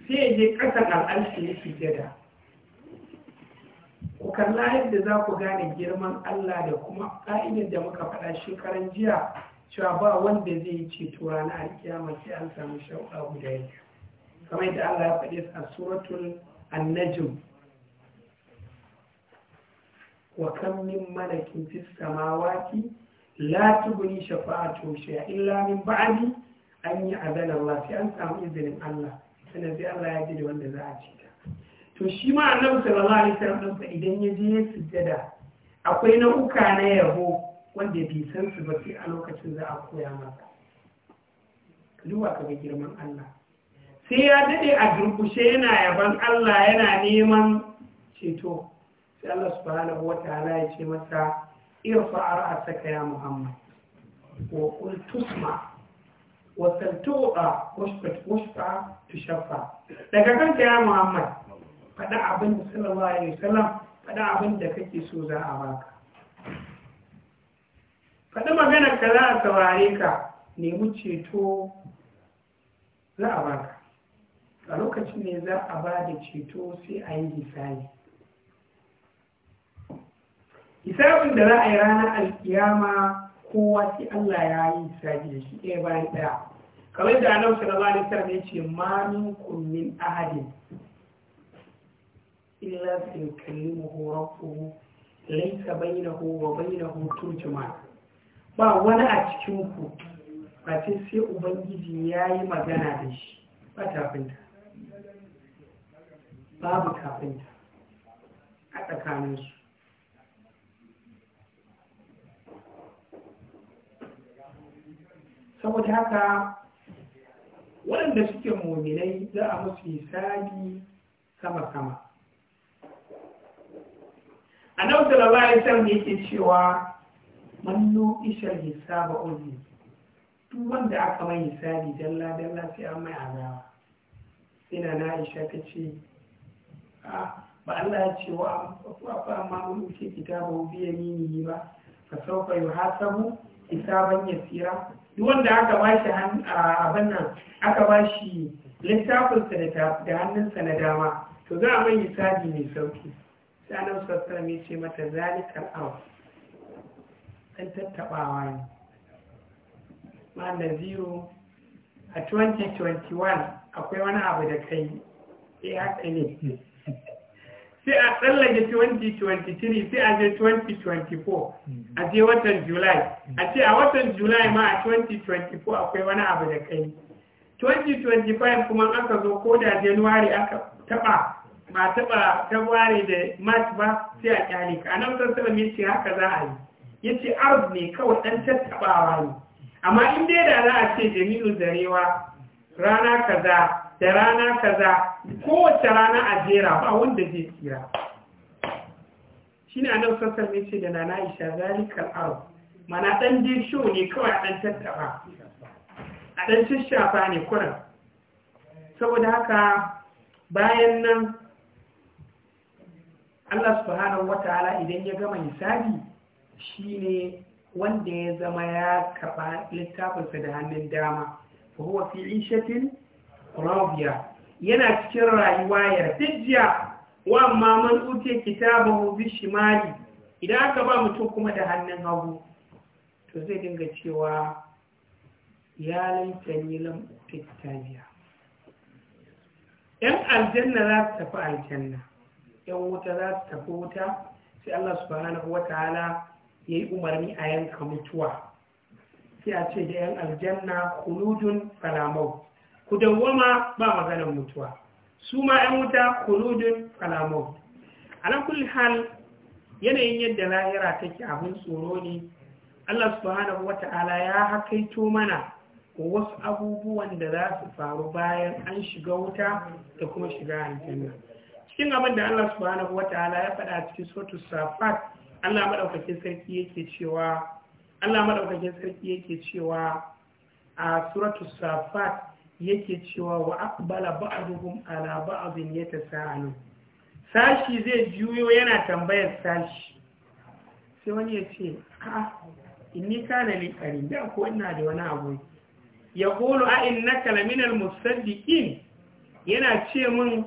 sai je ƙasan al'arshi ya gada. ku kalla yadda za ku gane girman Allah da kuma ƙa'idar da muka faɗa shekaran jiya cewa ba wanda zai yi ceto ranar alkiyama sai an samu shauƙa guda yake kamar yadda Allah ya faɗi a suratul annajm wa kam min malakin fis samawati la shafa'a shafa'atu shay'a illa min ba'di an yi azana Allah sai an samu izinin Allah sannan sai Allah ya ji da wanda za a ta to shi ma annabi sallallahu alaihi wasallam din idan ya je ya sujjada akwai nau'uka na yabo wanda bai san su ba sai a lokacin za a koya masa duba ka ga girman Allah sai ya dade a durkushe yana yaban Allah yana neman ceto sai Allah subhanahu wataala ya ce masa ارفع رأسك يا محمد وقل تسمع وسل تؤى واشفع واشفع تشفع لك كنت يا محمد فدع عبد صلى الله عليه وسلم فدع عبد كتي سوزا أباك faɗi maganar ka za a تو لا nemi ceto za أبادي baka سي lokacin ne hisabin da za a yi ranar alkiyama kowa sai Allah ya yi hisabi da shi ɗaya bayan ɗaya kamar da annabi sallallahu alaihi wasallam ya ce ma minkum min ahadin illa mu rabbuhu laysa bainahu bai na turjuman ba wani a cikin ku ba ce sai ubangiji ya yi magana da shi ba tafinta babu tafinta a tsakaninsu saboda haka waɗanda suke mominai za a musu misali sama-sama a nan sallallahu alaihi wasallam yake cewa manno ishar ba Ozi, duk wanda aka mai misali dalla dalla sai an mai azawa sai na isha ta ce ba Allah ya ce wa fa amma mun wuce kitabu biya mini ba fa sawfa yuhasabu hisaban yasira wanda aka ba shi abin nan aka ba shi littafin da hannunsa na dama to za a mai saji mai sauki sanar mai ce mata zalikal aw dan tattabawa ne ma zero a 2021 akwai wani abu da kai ya eh, haka ne sai a tsallake 2023 sai a je 2024 mm-hmm. a je watan july a ce a watan july ma a 2024 akwai wani abu da kai 2025 kuma aka zo ko da Januwari aka taba ba taba february da march ba sai a kyale ka anan sabon ya ce haka za a yi ya ce arz ne kawai dan tattabawa ne amma in dai da za a ce jamilu zarewa rana kaza da rana kaza kowace rana a jera ba wanda zai tsira shi ne annabi sassan mai ce da nana isha zalikal aro mana ɗan je ne kawai a ɗan tattaba a ɗan shishafa ne kuran saboda haka bayan nan Allah subhanahu wata'ala idan ya gama hisabi shine wanda ya zama ya karɓa littafinsa da hannun dama fa huwa fi rabiya yana cikin rayuwa ya yardajjiya wa maman uke kitabahu bi shimali idan aka ba mutum kuma da hannun hagu to zai dinga cewa ya laita ni lam biya. yan aljanna za su tafi aljanna yan wuta za su tafi wuta sai Allah subhanahu wataala yi umarni a yanka mutuwa sai ce da yan aljanna Kuludun falamau ku ba maganar mutuwa su ma 'yan wuta kuludin kalamau ala kulli hal yanayin yadda lahira take abin tsoro ne Allah subhanahu Ta'ala ya hakaito mana wasu abubuwan da za su faru bayan an shiga wuta da kuma shiga aljanna cikin abin da Allah subhanahu Ta'ala ya faɗa cikin sotu safat Allah maɗaukakin sarki yake cewa sarki yake cewa a suratu safat yake cewa wa aqbala ba'dhum ala ba'd yatasaalu sashi zai juyo yana tambayar sashi sai wani ya ce a ni kana li qarin da ko ina da wani abu ya qulu a innaka lamin al musaddiqin yana ce min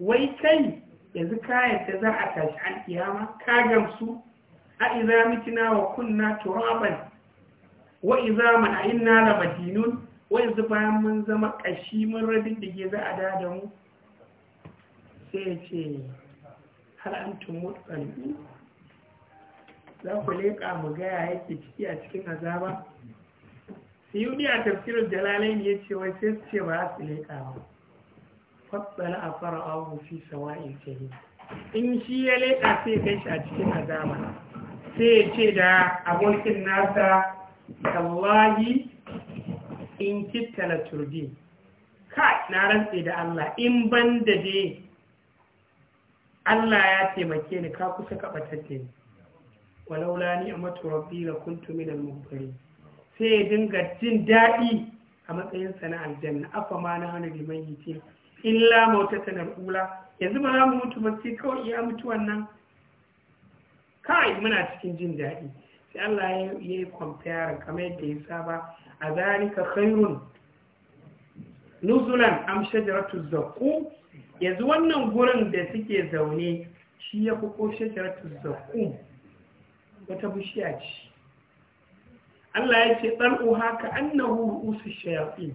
wai kai yanzu kayan da za a tashi an kiyama ka gamsu a idza mitina wa kunna turaban wa idza la madinun yanzu bayan mun zama ƙashi mun rabin da ke za a dada mu sai ya ce har an tumur ƙarfi za ku leƙa mu gaya yake ciki a cikin azaba siyuni a tafsirin ne ya ce wai sai su ce ba za su leƙa ba fatsala a fara abu fi ce ne in shi ya leƙa sai kai shi a cikin azaba sai ya ce da abokin nasa tallahi in kitta na turdi ka na rantse da Allah in ban da dai Allah ya taimake ni ka kusa ka batatte ni walaula ni amatu rabbi la kuntu min al sai ya dinga jin daɗi a matsayin sana aljanna afa ma na hana liman yiti illa mautatan al'ula yanzu ba za mu mutu ba sai kawai iya mutu wannan kai muna cikin jin daɗi sai Allah ya yi kwamfiyar kamar yadda ya saba a zalika khairun nuzulan am shajaratu zaqqum yanzu wannan gurin da suke zaune shi ya fi ko shajaratu zaqqum wata bishiya ce Allah ya ce ɗan'u haka annahu ru'usu shayaɗin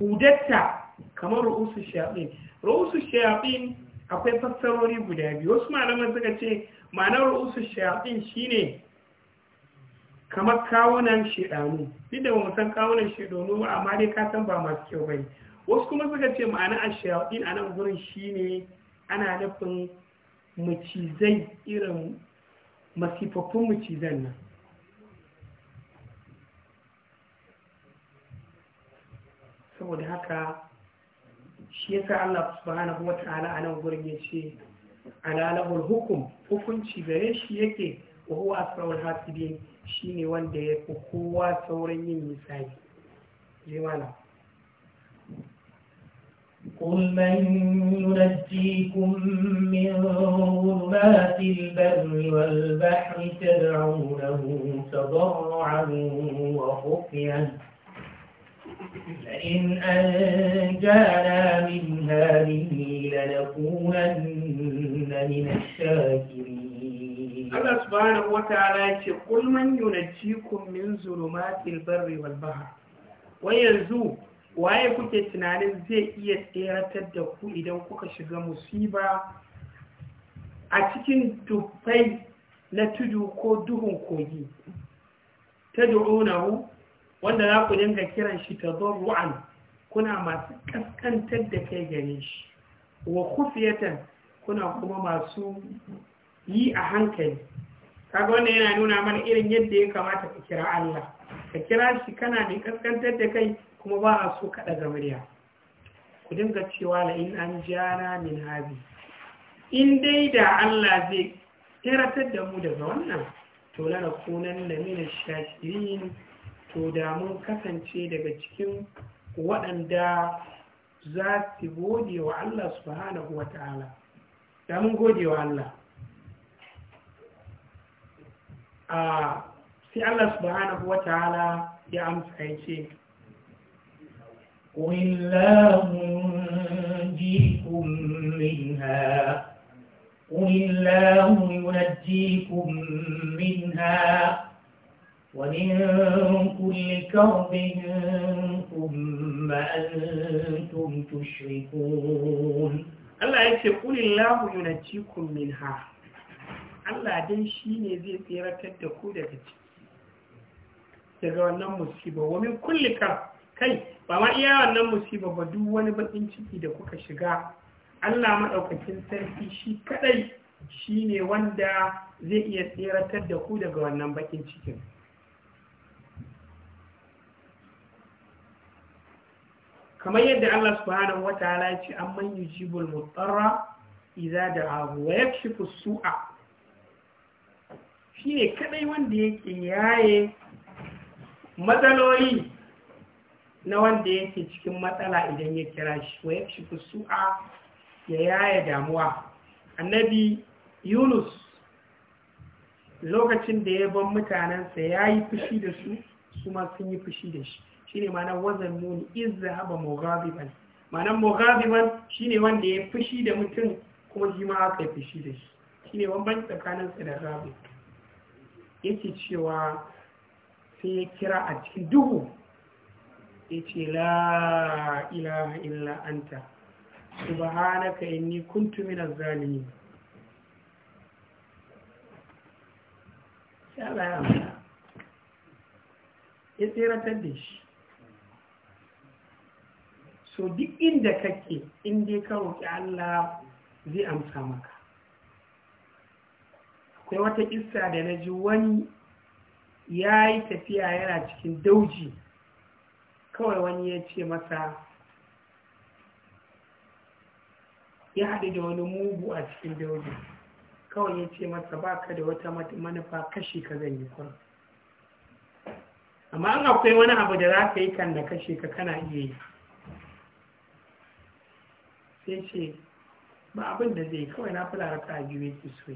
hudatta kamar ru'usu shayaɗin ru'usu shayaɗin akwai fassarori guda biyu wasu malaman suka ce ma'anar ru'usu shayaɗin shine kamar kawunan shedanu duk da mu san kawunan shedanu ba amma dai ka san ba masu kyau bane wasu kuma suka ce ma'ana ashayatin a nan gurin shine ana nufin macizai irin masifaffun macizan nan saboda haka shi yasa Allah subhanahu wata'ala a nan gurin ya ce alalahul hukum hukunci gare shi yake wa huwa asrarul hasibin shine wanda ya fi kowa sauran yin misali jimana قل من ينجيكم من ظلمات البر والبحر تدعونه تضرعا وخفيا لئن أنجانا من هذه لنكونن من الشاكرين Allah subhanahu wa ta'ala ya ce kul man yunajjikum min zulumatil barri wal bahr Wa yanzu waye kuke tunanin zai iya tseratar da ku idan kuka shiga musiba a cikin dubbai na tudu ko duhun kogi ta du'unahu wanda za ku dinga kiran shi ta ru'an kuna masu kaskantar da kai gare shi wa kufiyatan kuna kuma masu yi a hankali kaga wannan yana nuna mana irin yadda ya kamata ka kira Allah ka kira shi kana mai kaskantar da kai kuma ba a so ka daga murya ku dinga cewa la in an jana min hadi in dai da Allah zai tsiratar da mu daga wannan to lana kunan na mina shakirin to da mun kasance daga cikin waɗanda za su gode wa Allah subhanahu wa ta'ala da mun gode wa Allah sai Allah subhanahu wa ta'ala ya amsa ya ce Ƙulillah munjikun minha Ƙulillah yunajjikun minha ومن كل كرب ثم Allah تشركون الله يقول قل Allah dai shi ne zai tseratar da ku daga ciki daga wannan musiba Wani min kai ba ma iya wannan musiba ba duk wani bakin ciki da kuka shiga Allah maɗaukakin sarki shi kaɗai shi ne wanda zai iya tseratar da ku daga wannan bakin cikin kamar yadda Allah subhanahu wa ta'ala ya ce amman yujibul mutarra idza da'ahu wa yakshifu su'a shi ne kadai wanda yake yaye matsaloli na wanda yake cikin matsala idan ya kira shi wa ya fi su'a ya yaye damuwa annabi yunus lokacin da ya ban mutanensa ya yi fushi da su su ma sun yi fushi da shi shi ne mana wazan nuni izza haba mogabiban manan mogabiban shi ne wanda ya fushi da mutum kuma shi ma aka yi fushi da shi shi ne ban tsakaninsa da rabin yake cewa sai ya kira a cikin duhu ya ce la ilaha su ba subhanaka inni yi ni zalimin sai ya ya tseratar da shi so duk inda kake in dai ka roƙi Allah zai amsa maka akwai wata kissa da na ji wani ya yi tafiya yana cikin dauji kawai wani ya ce masa ya haɗu da wani mugu a cikin dauji kawai ya ce masa ba ka da wata manufa kashi ka zan yi kwan amma an akwai wani abu da za ka yi kan da kashe ka kana iya yi sai ce ba abin da zai kawai na fulara larabta a biyu yake so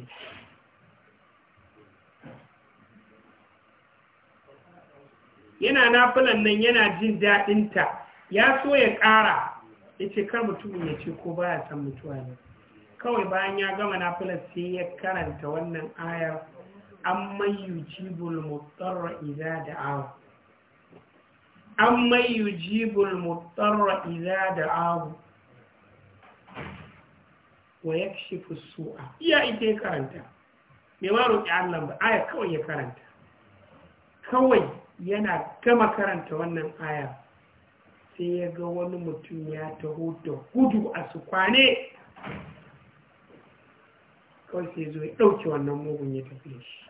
yana nafilan nan yana jin daɗinta ya so ya ƙara ya ce kar mutumin ya ce ko baya san mutuwa ne kawai bayan ya gama nafilar sai ya karanta wannan ayar an mai yujibul mutarra idza da'ahu an mai yujibul mutarra idza awu. wa yakshifu su'a iya ita ya karanta me ma roƙi Allah ba ayar kawai ya karanta kawai yana gama karanta wannan aya sai ya ga wani mutum ya taho da gudu a su kwane kawai sai zo ya ɗauke wannan mugun ya tafi shi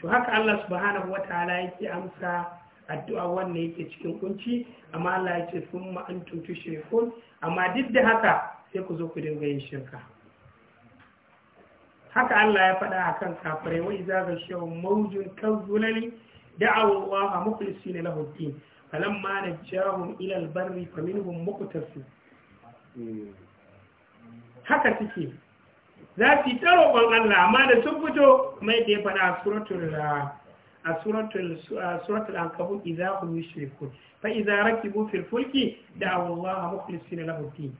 to haka Allah subhanahu ya yake amsa addu'a wanda yake cikin kunci amma Allah ya ce sun ma'antum tushrikun amma duk da haka sai ku zo ku dinga yin shirka haka Allah ya faɗa akan kafirai wa idza ghashiyahum mawjun kadhulali da'aw Allah mukhlisina lahu ad-din falamma najjahum ila al-barri faminhum muqtasid haka suke za su yi taro Allah amma da sun fito mai da ya faɗa a suratul a suratul iza ku yi yushrikun fa raki, rakibu fil fulki da'aw Allah mukhlisina lahu ad-din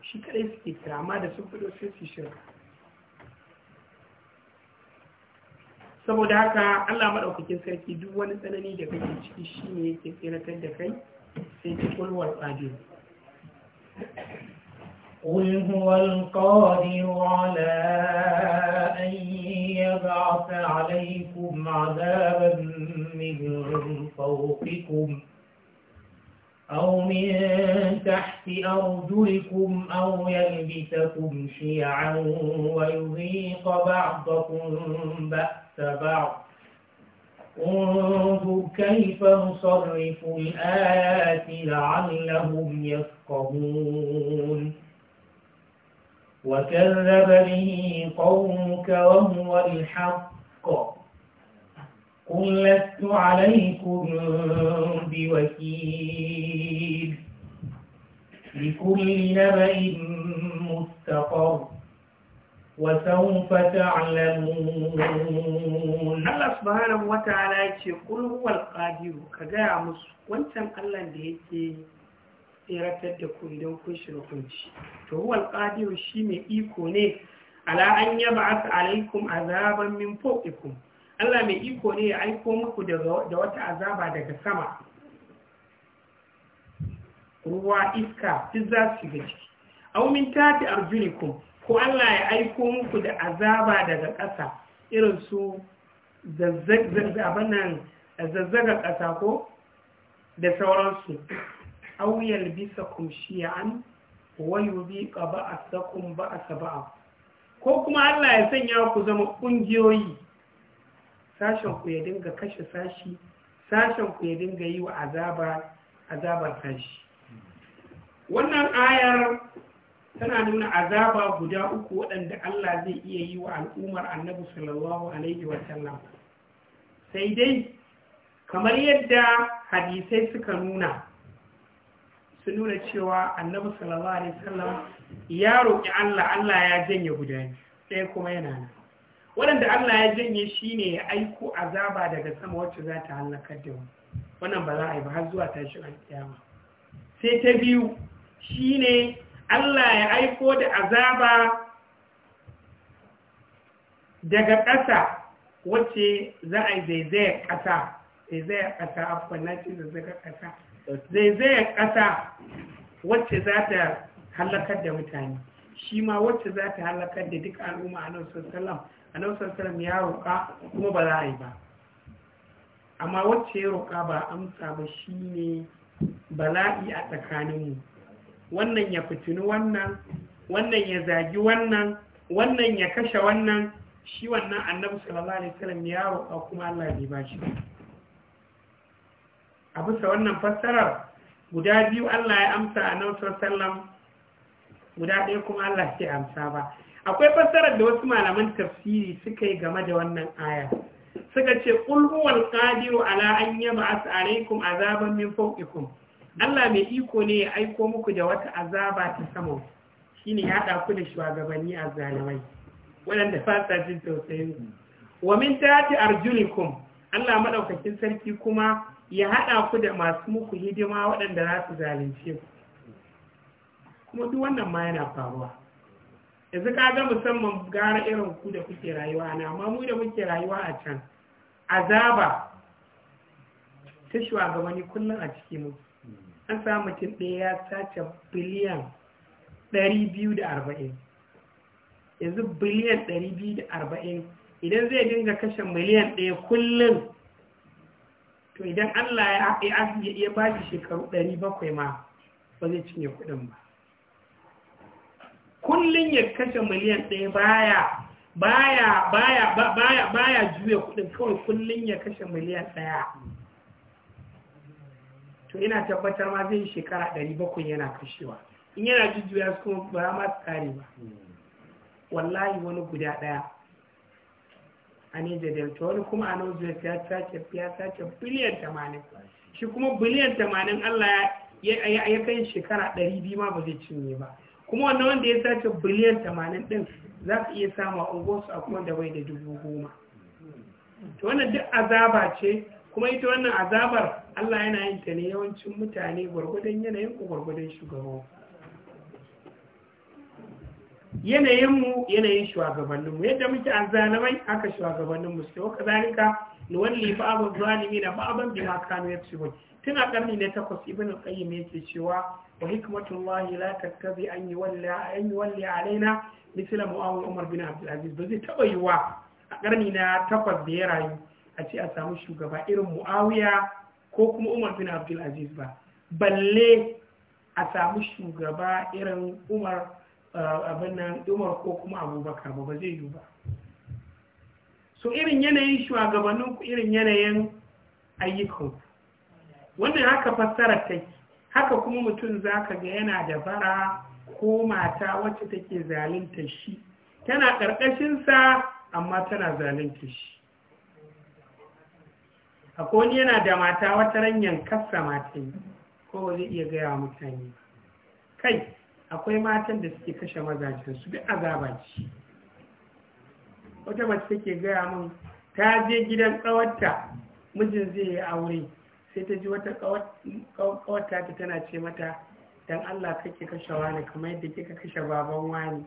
shi kadai suke kira amma da sun fito sai su shirka saboda haka Allah madaukakin sarki duk wani tsanani da kake ciki shine ne yake tsiratar da kai sai ki kulwar ƙadir قل هو القادر على أن يبعث عليكم عذابا من فوقكم أو من تحت أرجلكم أو يلبسكم شيعا ويذيق بعضكم بأس بعض انظر كيف نصرف الآيات لعلهم يفقهون وكذب به قومك وهو الحق قل لست عليكم بوكيل لكل نبأ مستقر وسوف تعلمون Allah subhanahu ce, yace kul huwal qadir ka gaya musu wancan Allah da yake tsiratar da ku idan kun shiga kunci to huwal qadir shi mai iko ne ala an yab'ath alaikum azaban min fawqikum Allah mai iko ne ya aiko muku da wata azaba daga sama ruwa iska duk za su shiga ciki aw min tati ko Allah ya aiko muku da azaba daga ƙasa irin su zazzaga ƙasa ko da sauransu auyal bisa kumshiyan an bi ka ba a sakun ba a saba'a ko kuma Allah ya sanya ku zama ƙungiyoyi sashen ku ya dinga kashe sashi sashen ku ya dinga yi wa azabar sashi wannan ayar tana nuna azaba guda uku waɗanda Allah zai iya yi wa al'ummar annabi sallallahu alaihi wasallam sai dai kamar yadda hadisai suka nuna su nuna cewa annabi sallallahu alaihi wasallam ya roƙi Allah Allah ya janye guda ɗaya kuma yana nan waɗanda Allah ya janye shine ya aiko azaba daga sama wacce za ta halakar da wannan ba za a yi ba har zuwa tashin alƙiyama sai ta biyu shine Allah ya aiko da azaba daga ƙasa wacce za a zaizayar ƙasa zaizayar ƙasa afkan na ce zazzaga ƙasa zaizayar ƙasa wacce za ta halakar da mutane shi ma wacce za ta halakar da duk al'umma a nausar salam a nausar salam ya roƙa kuma ba za a yi ba amma wacce ya roƙa ba amsa ba shi ne bala'i a tsakaninmu wannan ya fitini wannan wannan ya zagi wannan wannan ya kashe wannan shi wannan annabi sallallahu alaihi wasallam ya roƙa kuma Allah ya ba shi a sa wannan fassarar guda biyu Allah ya amsa annabi sallallahu alaihi wasallam guda ɗaya kuma Allah ya amsa ba akwai fassarar da wasu malaman tafsiri suka yi game da wannan aya suka ce qul huwal qadiru ala an yab'ath alaykum azaban min fawqikum Allah mai iko ne ya aiko muku da wata azaba ta sama ne ya haɗa ku da shugabanni a zalimai waɗanda ba jin tausayin ku wa min tati arjulikum Allah maɗaukakin sarki kuma ya haɗa ku da masu muku hidima waɗanda za su zalunce ku kuma duk wannan ma yana faruwa yanzu ka ga musamman gara irin ku da kuke rayuwa na amma mu da muke rayuwa a can azaba ta shugabanni kullum a ciki mu. an samu mutum ɗaya ya sace biliyan 240 yanzu biliyan 240 idan zai dinga kashe miliyan ɗaya kullum to idan allah ya ba shi shekaru 700 ma ba zai cinye kudin ba kullum ya kashe miliyan ɗaya baya baya baya baya baya juya kudin kawai kullum ya kashe miliyan ɗaya to ina tabbatar ma zai shekara ɗari yana kashewa in yana jujjuya su kuma ba ma su kare ba wallahi wani guda ɗaya a Niger Delta wani kuma a Northwest ya sace ya sace biliyan tamanin shi kuma biliyan tamanin Allah ya kai shekara ɗari biyu ma ba zai cinye ba kuma wannan wanda ya sace biliyan tamanin din, za su iya samu a unguwarsu a kuma da bai da dubu goma to wannan duk azaba ce kuma ita wannan azabar Allah yana yin ta ne yawancin mutane gwargwadon yanayin ku gwargwadon shugaban mu yanayin shugabannin mu. yadda muke azzalamai aka shugabannin mu. su yau kazalika ni wani lifa abu zalimi na ba'aban bi makanu ya ciwo tuna karni na takwas ibn qayyim yake cewa wa hikmatullahi la taktabi an yi walli alaina misla mu'awun umar bin abdul aziz ba zai taba yiwa a karni na takwas da ya rayu a ce a samu shugaba irin mu'awiya ko kuma umar bin abdulaziz ba balle a samu shugaba irin umar eh, abinnan umar ko kuma abubakar ba ba zai yi ba so irin yanayin shugabannin irin yanayin ayyukan wannan haka fassara ta haka kuma mutum za ka ga yana da bara ko mata wacce take zalunta shi tana ƙarƙashinsa amma tana zalinta shi akwai wani yana da mata wata ranyan kasa matan ko zai iya gaya wa mutane kai akwai matan da suke kashe mazajen su bi azaba wata mace take gaya min ta je gidan kawarta mijin zai yi aure sai ta ji wata kawarta ta tana ce mata dan Allah kake kashe wani kamar yadda kika kashe baban wani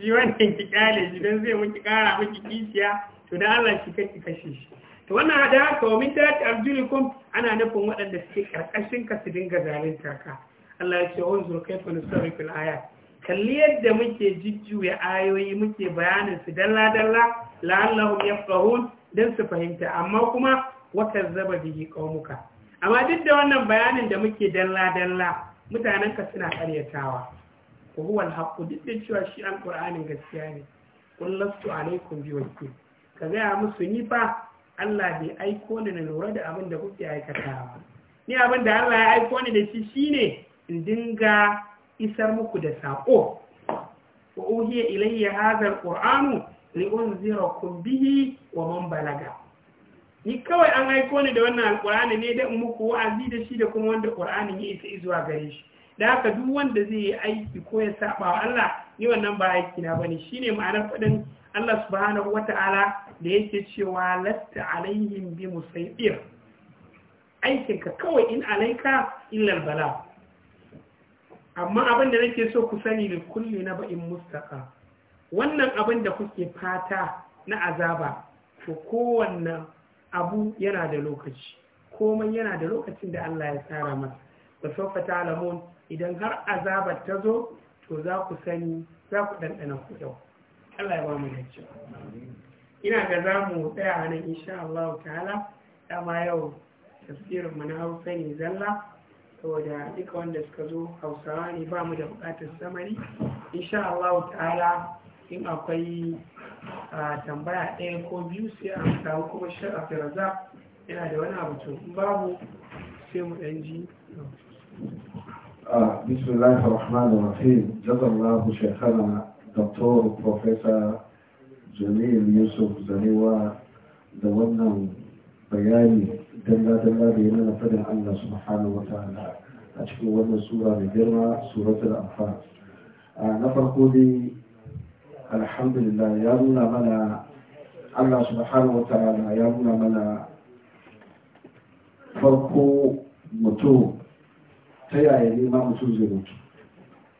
shi wannan ki kyale shi dan zai miki kara miki kishiya to dan Allah shi kake kashe shi to wannan hada haka wa min tati arjulikum ana nufin waɗanda suke ƙarƙashin ka su dinga zalunta ka Allah ya ce fa nusari fil aya kalli yadda muke jujjuya ayoyi muke bayanin su dalla dalla la'allahum yafqahun dan su fahimta amma kuma wa kazzaba bihi qaumuka amma duk da wannan bayanin da muke dalla dalla mutanen ka suna karyatawa ko huwa al duk da cewa shi alqur'anin gaskiya ne kullastu alaikum biwakil ka gaya musu ni fa Allah bai aiko ni na lura da abin da kuke aikatawa ni abin da Allah ya aiko ni da shi shine in dinga isar muku da sako wa uhiya ilayya hadha alqur'anu li unzirakum bihi wa man balaga ni kawai an aiko ni da wannan alqur'ani ne da muku wa'azi da shi da kuma wanda qur'anin ya isa zuwa gare shi da haka duk wanda zai yi aiki ko ya saba wa Allah ni wannan ba aiki na bane shine ma'anar fadin Allah subhanahu wata'ala da yake cewa latta alaihim bi musaitir aikinka kawai in alaika illal bala amma abin da nake so ku sani da kulli na ba'in mustaka wannan abin da kuke fata na azaba to kowanne abu yana da lokaci komai yana da lokacin da Allah ya tsara masa da sofa ta alamun idan har azabar ta zo to za ku sani za ku ɗanɗana ku yau Allah ya ba mu yanci. ina ga za mu tsaya a nan insha Allah ta'ala dama yau tafsirin mu na Hausa ne zalla saboda duka wanda suka zo Hausawa ne ba mu da bukatar samari insha Allah ta'ala in akwai tambaya ɗaya ko biyu sai a samu kuma shara firaza yana da wani abu tun babu sai mu ɗan ji بسم الله الرحمن الرحيم جزا الله شيخنا Dr. Professor Jamil Yusuf Zanewa da wannan bayani dalla-dalla da yana na fadin Allah subhanahu wa ta'ala a cikin wannan sura mai girma suratul anfal na farko dai alhamdulillah ya nuna mana Allah subhanahu wa ta'ala ya nuna mana farko mutum ta yaya nema mutum zai mutu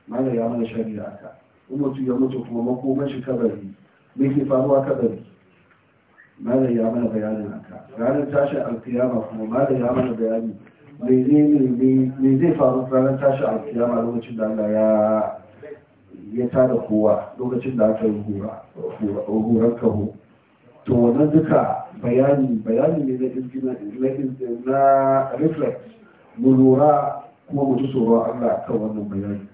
mana ya mana shari'a ka in ya mutu kuma makomashi kabari me ke faruwa kabari mala ya mana bayanin haka ranar tashin alkiyama kuma mala ya mana bayani me zai faru ranar tashin alkiyama lokacin da Allah ya ya tada kowa lokacin da aka yi horar kaho to wannan duka bayani bayani ne na na reflect mu lura kuma mu tsoron Allah kan wannan bayani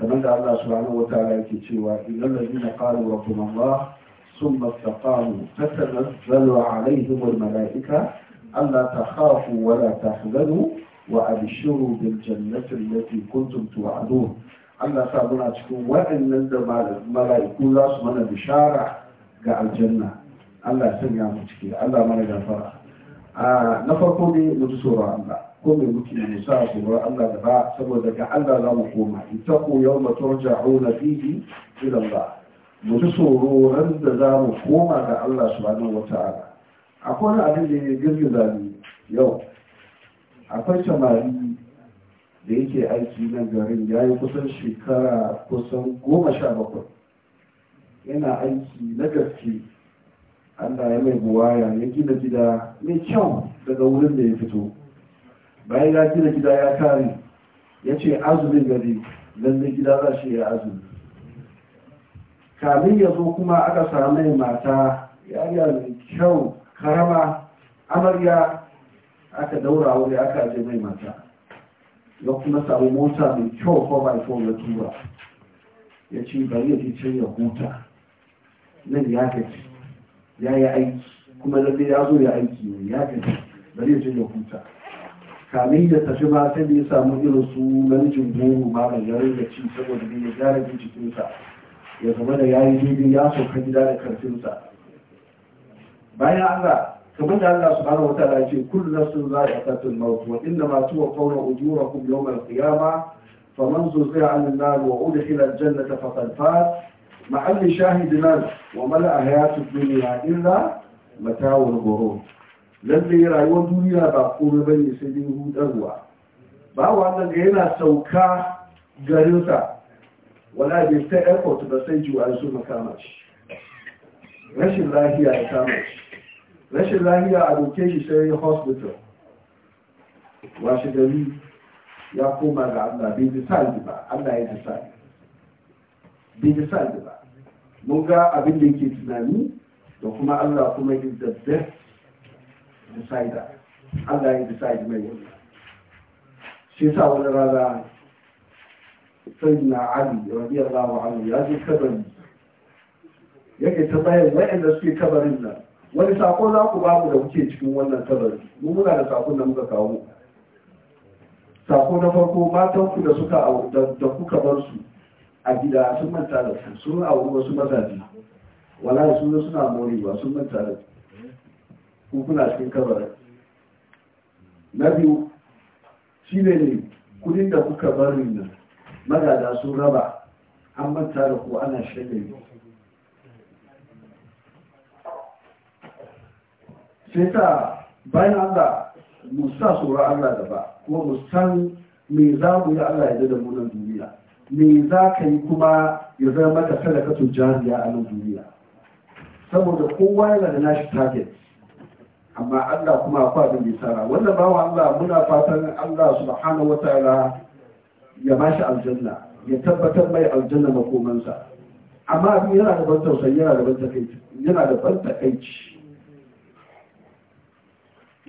kamar da Allah subhanahu wa ta'ala yake cewa idan da zina kalu wa kuma ba sun mastakamu tattalin zalwa a laihi wa mala'ika Allah ta hafu wala ta hulalu wa abishiru bin jannatin mafi kuntum tuwa'adu Allah sa muna cikin waɗannan da mala'iku za su mana bishara ga aljanna Allah sun ya mu ciki Allah mana gafara ah, na farko ne mutu sauran Allah ko mai mutu ne sa su bar Allah da ba saboda ga Allah za mu koma itaqu yawma turja'una fihi idan ba, mu ji tsoro ran da za mu koma ga Allah Su wata wata'ala akwai wani abin da ya girgiza ni yau akwai samari da yake aiki nan garin ya yi kusan shekara kusan goma sha bakwai yana aiki na gaske Allah ya mai buwaya ya gina gida mai kyau daga wurin da ya fito bayan ya gina gida ya kare ya ce azumin gari lalle gida za shi ya azumi kamin ya zo kuma aka sami mata ya yi mai kyau karama amarya aka daura wuri aka je mai mata ya kuma sami mota mai kyau 4x4 na tura ya ce bari ya ce can ya huta nan ya gaji ya yi aiki kuma lalle ya zo ya aiki ya gaji bari ya ce ya huta kamin da tafi ba sai da ya samu irin su namijin goro ma mai yare da ci saboda bai ya gyara jikinsa ya zama da yayi daidai ya sauka gida da karfinsa bayan Allah kamar da Allah subhanahu wa ta'ala ce kullu nafsin za'iqatul maut wa inna ma tuwaffawna ujurakum yawm al-qiyamah faman zuzi'a 'anil nar wa udkhila al-jannata faqad faz محل شاهد لنا وملأ حياة الدنيا إلا متاع الغرور lalle rayuwar duniya ba komai bane sai dai hudarwa ba wannan ga yana sauka garinsa wala bai ta airport ba sai wani suna kama shi rashin lahiya ya kama shi rashin lahiya a doke shi sai hospital washe gari ya koma ga Allah bai decide ba Allah ya decide bai decide ba mun ga abin da yake tunani da kuma Allah kuma yi the best decider Allah ya decide mai yau shi sa wani rana sai na Ali lawa ali ya je kabari yake ta bayan waɗanda suke kabarin nan wani sako za ku ba mu da kuke cikin wannan kabari mu muna da sakon da muka kawo sako na farko matan ku da suka da kuka bar su a gida sun manta da su sun auri wasu mazaje wala su suna morewa sun manta da su ku kuna cikin kabarin na biyu shi ne ne kudin da kuka bari na. magada sun raba an manta da ku ana shirya yi sai ta bayan allah musa tsoron allah da ba kuma musan me za mu yi allah ya da munan duniya me za ka yi kuma ya zama da sadaka jariya a nan duniya saboda kowa yana da nashi target amma Allah kuma akwai abin da sara wannan bawa Allah muna fatan Allah subhanahu wataala ya bashi aljanna ya tabbatar mai aljanna makoman sa amma abin yana da ban tausayi yana da ban takaici yana da ban takaici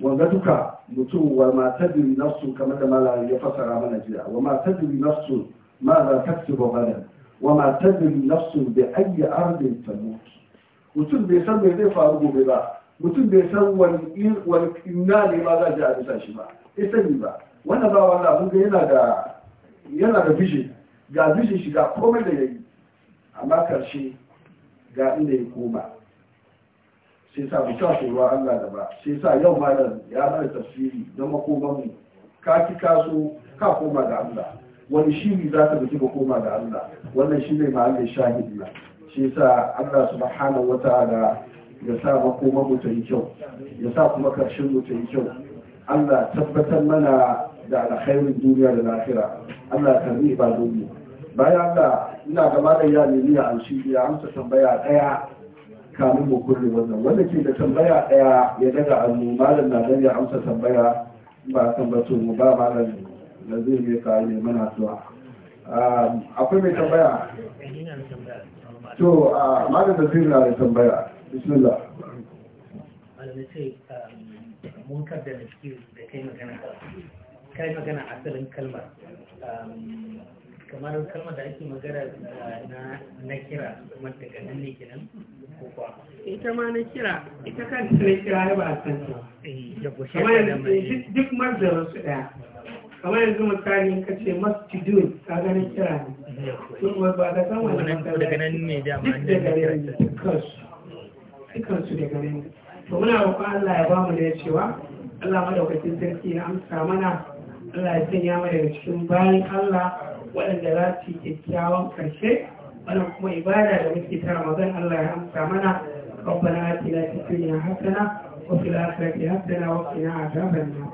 wanda duka mutum wa ma tadri nafsu kamar da malamin ya fasara mana jiya wa ma tadri nafsu ma za ta taksuba balan wa ma tadri nafsu bi ayyi ardin tamut mutum bai san me zai faru gobe ba mutum bai san wani ne ba za a ji a bisa shi ba ya sani ba wannan ba wanda abin da yana da vision ga vision shi ga komai da ya yi amma karshe ga inda ya koma sai sa mu tashi ruwa Allah da ba sai sa yau ma da ya bada tafsiri don makoman mu ka ki kaso ka koma ga Allah wani shiri za ka mutu ka koma ga Allah wannan shine ma'anar shahidi na sai sa Allah subhanahu ya sa makoma mu ta yi kyau ya sa kuma karshen mu ta yi kyau Allah tabbatar mana da alkhairin duniya da lafira Allah ka ni ba domin bayan da ina gaba da ya nemi ya amshi ya amsa tambaya daya kamin mu kulle wannan wanda ke da tambaya daya ya daga annu malam na dan ya amsa tambaya ba tambato mu ba malam da zai mai kai mana zuwa akwai mai tambaya to malam da zai na da tambaya ah, bismillah malamai um, sai munkar da naski da kai magana kai magana asalin kalmar um, kamar kalmar da ake magana uh, na kira kuma daga nan ne kenan ko kuwa ita ma na kira ita kanta na kira ya ba a san ta eh, duk marzarar su daya kamar yanzu misali ka ce masjidun ka ganin kira ne ba ka san wani daga nan ne da ma ne kira dukansu da gare mu to muna roƙon Allah ya bamu da cewa Allah madaukakin sarki ya amsa mana Allah ya sanya mana daga cikin bayan Allah waɗanda za su yi kyakkyawan ƙarshe wannan kuma ibada da muke ta Ramadan Allah ya amsa mana ربنا آتنا في الدنيا حسنة وفي الآخرة حسنة وقنا عذاب النار